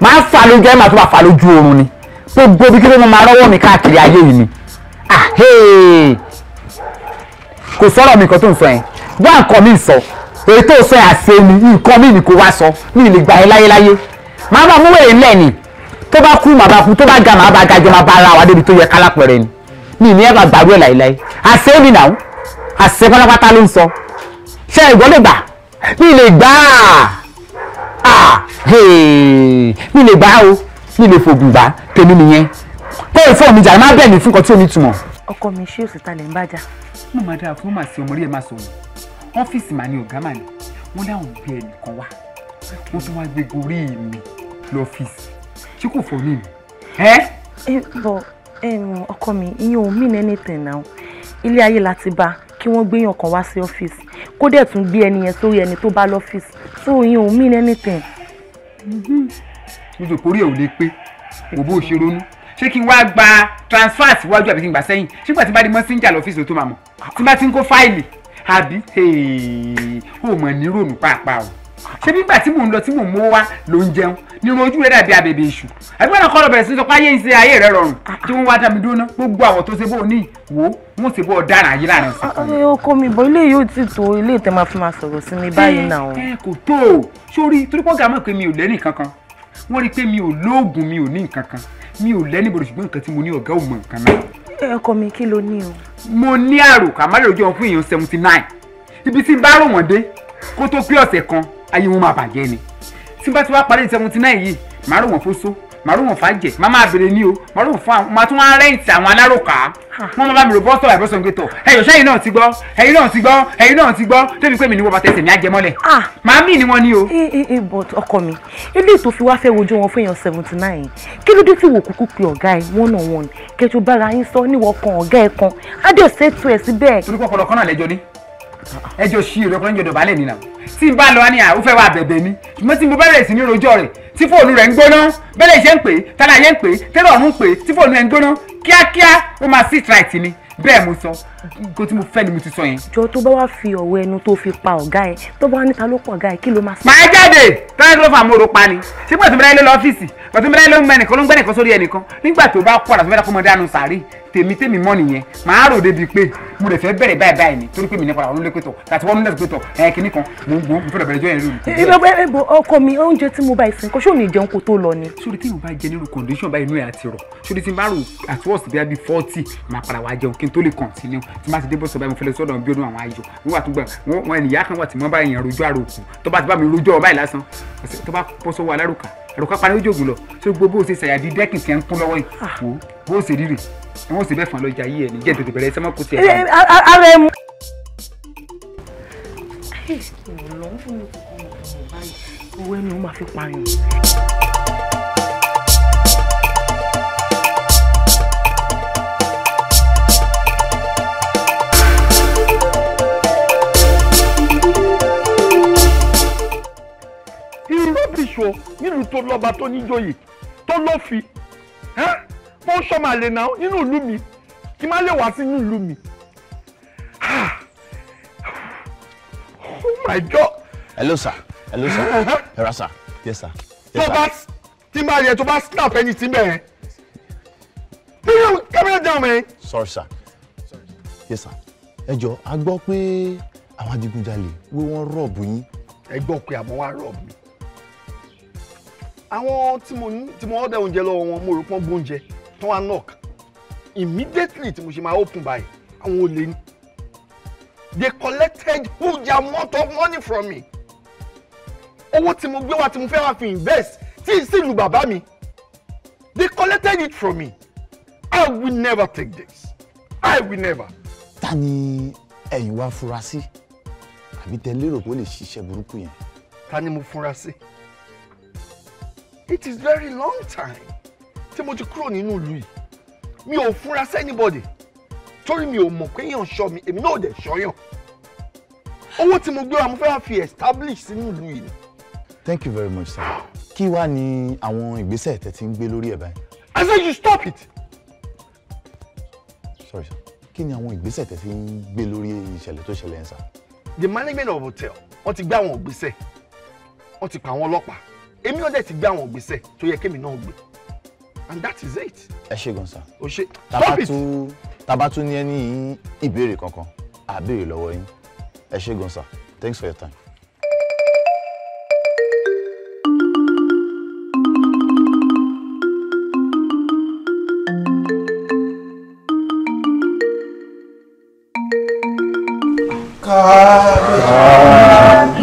máa fà lójú ẹ máa tún máa fà lójú oorun ni gbogbo bí kíkọ́ mo máa rọ́wọ́ mi káàkiri ayé yìí ni ah, kò sọ̀rọ̀ mi nǹkan tó ń sọ yẹn wá nǹkan mi sọ èyí tó sọ yẹn àṣẹ mi nǹkan mi ni kò wá sọ mi lè gbà ẹ láyéláyé màá bá mú wèrè ńlẹ̀ ni tó bá kú màá bá kú tó bá ga màá bá ga jọ màá bá ara wa débi tó yẹ kálápẹ̀rẹ̀ ni mi ní ẹ bá gbàgbé láyéláyé àṣẹ mi nà àṣẹ pátápátá ló ń sọ ṣe ìgbọ́ lè gbà mi lè gbà á mi lè gbá o mi lè fògùn gbá tèmi nìyẹn kó o fóònù jà má bẹ̀ mí fún kan tí o ní túmọ̀. ọkọ mi ṣé òsì ta lè ń bàjá. mo máa dára fún màá sí ọmọ rí ẹ máa sọ wọn ọ́fíìsì màá ní ọ̀gá màá ní wọn dáhùn bí ẹnìkan wá wọn tún wá gbé gorí mi lọ́fíìsì tí kò fọ ní ẹ bọ ọkọ mi ìyẹn ò mí nẹ́nìtẹ̀ náà ilé ayé la bá a kí wọ́n gbéyàn kan wá sí ọ́fíìsì kó dẹ̀ tún gbé ẹni yẹn sórí ẹni tó bá lọ́fíìsì so ìyẹn ò mean anything. nítorí orí ẹ̀ ò lè pé kò bó ṣe ronú ṣé kí n wá gba transfer síwájú àbí kí n gbà sẹ́yìn ṣígbà tí bá di mọ́síńjà lọ́fíìsì ló tó máa mọ̀ tí bá ti ń kó fáìlì àbí ó mọ̀ ní rònú pàápàá o ṣé nígbà tí mò ń lọ tí mò ń mú wá ló ń jẹun nínú ojú rẹ dàbí abèbè èṣù àbí wọn kọ́ lọ bẹ̀rẹ̀ sí sọ pé ayé ìṣe ayé rẹ rọrùn tí wọ́n wá dá mi dúró ná gbogbo àwọn tó ṣe bó ní wò wọ́n ti bọ́ ọ̀daràn ayé láàrin ah, ọ̀sẹ̀ kan. Ah, ọkọ mi bọ ilé yóò ti tó ilé ìtẹ́ máa fi máa sọ̀rọ̀ sí mi báyìí náà. ẹ kò tó o sórí torí pọ́ńgà mọ̀ pé mi ò lẹ́nì kankan wọ́n rí i pé mi ò lóògùn mi ò ní nǹkan kan mi ò lẹ́nì bọ̀dọ̀ ṣùgbọ́n nǹkan tí mo ní ọ̀gá ò mọ̀ nǹkan náà. ẹ ọkọ mi kí ló ní o. mo ní àròkà má lè jọ fún èèyàn seventy nine ibi tí n bá rò wọ́n dé kó tó pé ọ̀sẹ̀ kan ayé wọn máa bàjẹ́ ni tí n bá ti wá parí seventy nine yìí má rò wọ́n fóso màrúwọ̀n fàájẹ má máa bèrè ní o màrúwọ̀n fún àwọn máa tún wá rẹ́ǹtì àwọn alárùkà wọ́n máa bá mi ro bọ́sọ̀ àìbọ́sọ̀ nkétọ̀ ẹ̀yọ̀ sẹ́yìn náà ti gbọ́ ẹ̀yìn náà ti gbọ́ ẹ̀yìn náà ti gbọ́ débi pé mi ni wọ́n bá tẹ̀sẹ̀ mi àjẹmọ́lẹ̀. màámi ni wọ́n ní o. Eh, eh, eh, but ọkọ mi ilé ètò fi wá fẹ́ wojú wọn fún èèyàn seventy nine kí ló dé tí wò kúkú pe ọ̀gá ẹ̀ one on one kẹjọ bára yín sọ níwọ̀ kan ọ̀gá ẹ̀ kan á dẹ̀ ṣètò ẹ̀ síbẹ̀. torí pọ̀ pọ̀lọ̀ kan náà lẹ́jọ́ ní ẹ jọ ṣí èrè ọkùnrin jọdọ̀ balẹ̀ nínà tí n bá lọ ní à ó fẹ́ wá bẹ̀bẹ̀ mi ṣùgbọ́n tí mo bẹ̀rẹ̀ sí ní rojọ́ rẹ̀ tí fóònù rẹ̀ ń gbóná bẹ́lẹ̀ ṣe ń pè é tálàyé ń pè é tẹ́lọ̀ ń pè tí fóònù rẹ̀ ń gbóná kíákíá ó máa sit right ni bẹ́ẹ̀ mo sọ nǹkan tí mo fẹ́ ni mo ti sọ yẹn. jọ tó bá wá fi ọ̀wọ́ ẹnu tó fi pa ọ̀gá ẹ tó bá níta ló pọ̀ ọ̀gá ẹ kí ló máa sọ. màá jáde tọ́lá ló fà móró pa ni ṣé pàtó mi láyé lọ ọ́fíìsì pàtó mi láyé ló ń mẹ nìkan ló ń gbẹ́ nìkan sórí ẹnìkan nígbà tó bá pọ̀ àtúntò kó mọ dánú sàárè tèmi tèmi mọ́ nìyẹn màá rò débi pé mo lè fẹ́ bẹ̀rẹ̀ báyìí báyìí ni torí pé mi nípa àwọn olólùpẹ̀ tọ̀ àti wọ́n nílẹ̀ pẹ̀tọ̀ ẹ̀ kìíní kan mò ń gbó mo fẹ́rẹ̀ bẹ̀rẹ̀ jọ ẹ̀rù. ìrọ̀bẹ́ ẹ̀bọ ọkọ mi oúnjẹ tí mo bá ìsìn kò ṣóò ní jẹun kó tó lọ ni. sórí tí forty màá padà wá jẹun kí n tó lè tí má ti dé bó sọ̀bá mi fẹ́lẹ́ sọ́dọ̀ bí ọdún àwọn ayò wọ́n wà tó gbà wọ́n ènìyàn kan wà tí wọ́n bá èèyàn rojọ́ àròkù tó bá ti bá mi rojọ́ ọba ìlàsàn tó bá bọ́ sọ́wọ́ alárùkà àròkà parí ó jòògùn lọ tó gbogbo bó ṣe ṣàyàdí dẹ́kìn tí ẹ ń kún lọ́wọ́ yìí ah. bó ṣe rírì wọ́n sì bẹ́ẹ̀ fún ọlọ́jà yìí ẹ̀ níjẹ́ tètè bẹ̀rẹ̀ sẹ́mọ́kù rọ́bìṣì o tó lọ́ba tó níjòyè tó lọ́fi mo ń sọmọ àlè náà nínú ìlú mi kí má lè wá sí inú ìlú mi. Ah, oh my god. hello sir hello sir hello sir yes sir. tó bá tí máa yẹ tó bá snap ẹni tí bẹ́ẹ̀ kámẹ́rà down man. sorry sir yes sir ẹ jọ a gbọ́ pé àwọn adigunjalè wé wọ́n rọ̀bù yín. ẹ gbọ́ pé àmọ́ wá rọ̀bù mi àwọn tí mo tí mo order oúnjẹ lọ́wọ́ wọn mo rò pọ́n gbóúnjẹ tó wá knock immediately tí mo ṣe máa open by. àwọn olè ní. they collected huge amount of money from me. owó tí mo gbé wá tí mo fẹ́ wá fi invest tí sì lu bàbá mi. they collected it from me. I will never take this. I will never. ta ni ẹ̀yin wá fura sí àbí tẹ lérò pé ó lè ṣiṣẹ́ burúkú yẹn. ta ni mo fura sí. Si? it is very long time tí mo ti kúrò nínú ìlú yìí mi ò fúnra sí anybody torí mi ò mọ̀ pé èèyàn ṣọ́ mi èmi náà ò dẹ̀ ṣọ́yàn owó tí mo gbé wa mo fẹ́ fi establish sínú ìlú yìí. thank you very much sir kí wàá ní àwọn ìgbésẹ̀ tẹ́ ti ń gbé lórí ẹ̀ báyìí. i said you stop it. sorry sir kí ni àwọn ìgbésẹ̀ tẹ́ ti ń gbé lórí ìṣẹ̀lẹ̀ tó ṣẹlẹ̀ ń sà. the management of hotel wọ́n ti gbé àwọn ìgbésẹ̀ wọ́n ti pa àwọn ọlọ́pàá èmi náà ti gbé àwọn ìgbésẹ̀ tó yẹ kémi náà gbé and that is it. ẹ ṣe gan sa o ṣe stop it. tabatu ní ẹni ìbéèrè kankan àbèrè lọ́wọ́ yín ẹ ṣe gan sa thanks for your time.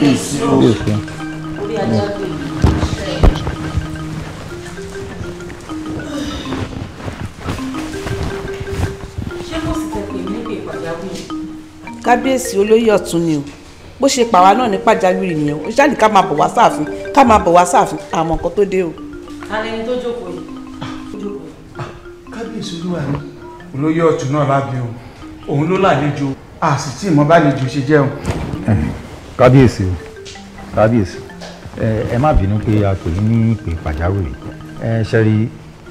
kábíyèsí o. orí ajá gbé. kábíyèsí olóyè ọ̀tún ni o bó ṣe pàwa náà ní pàjáwìrì nìyẹn o ṣáà ní ká máa bọ̀ wá sáàfin ká máa bọ̀ wá sáàfin àmọ́ nǹkan tó dé o. alẹ́ ni tó jókòó yìí. Ah, kábíyèsí olúwa mi olóyè ọ̀tún náà lábẹ́ o òun ló lálejò a sì tí ìmọ̀ bá lejò ṣe jẹun. kábíyèsí o kábíyèsí ẹ má bínú pé a kò ní ní ìpè pàjáwìrì ẹ ṣe rí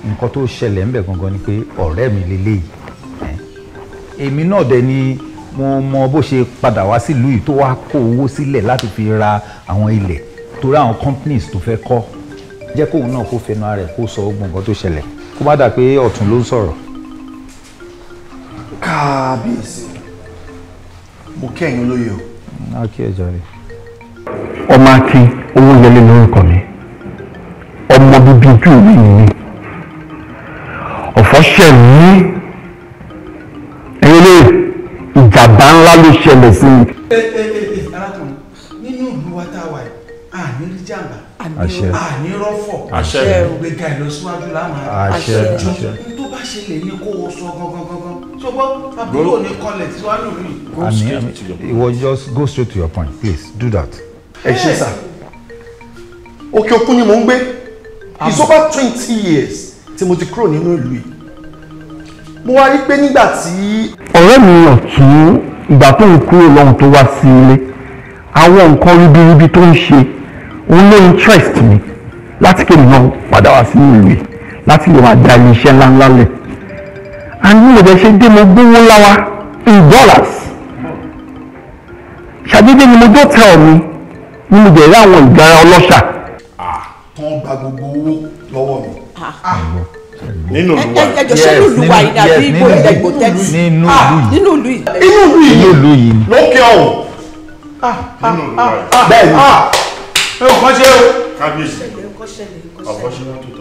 nǹkan tó ṣẹlẹ̀ ńbẹ̀ gangan ni pé ọ̀rẹ́ mi lélẹ́yìí èmi náà dẹ̀ ni mo mọ bó ṣe padà wá sílùú yìí tó wá kó owó sílẹ̀ láti fi ra àwọn ilẹ̀ torí àwọn companies tó fẹ́ kọ́ jẹ́ kóun náà kó fẹnu ara ẹ̀ kó sọ ogun nǹkan tó ṣẹlẹ̀ kó má dà pé ọ̀tún ló ń sọ̀rọ̀. kábíyèsí mo kẹ́yìn olóye o. akí ẹ̀ jàre. ọmọ akin owó yẹlé lórúkọ mi ọmọ bíbí ojú mi nìyí ọ̀fọ̀ ṣẹ̀ ìjàmbá ńlá ló ṣẹlẹ̀ sí i. ẹ ẹ ẹ arákùnrin nínú ìlú wa tá a wà yìí àní rí jàmbá àní rọ́fọ̀ àṣẹ ìgbéga ìlọsíwájú láwọn àṣẹ ìjọ tó bá ṣẹlẹ̀ ní kó o sọ gangan gangan ṣùgbọ́n àbúrò kọlẹ̀ tí wàá lò rí. àmì ìwọ just go straight to your point please do that. ẹ ṣe sà òkè òkun ni mò ń gbé it's over twenty years tí mo ti kúrò nínú ìlú yìí mo wá rí pé nígbà tí. ọ̀rẹ́ mi ọ̀tún ìgbà tó ń kúrò lọ́hùn tó wá sí ilé àwọn nǹkan ribiribi tó ń ṣe ń ló interest mi láti kéde náà padà wá sí ìlú láti lè wá da iléeṣẹ́ ńláńlá lẹ̀ a ní ìrẹ̀lẹ̀ ṣe dé mo gbówó láwa in dollars ṣàdédé ni mo dọ́tẹ̀ ọ̀ mi ni mo bẹ̀rẹ̀ àwọn ìgara ọlọ́ṣà. Ah, tán gba gbogbo owó lọ́wọ́ mi. Ah. Ah nínú ìlú wa ẹ jọ ṣé nínú ìlú wa yìí ni àbí ibo ilẹ̀ ìgbò tẹ́tí nínú ìlú ah, yìí inú ìlú yìí lókè ọ̀hún ah, ah, nínú ìlú wa bẹ́ẹ̀ ni ẹ ò kọ́ ṣe o kábíyèsí ọ̀fọ́ ṣe wọ́n tó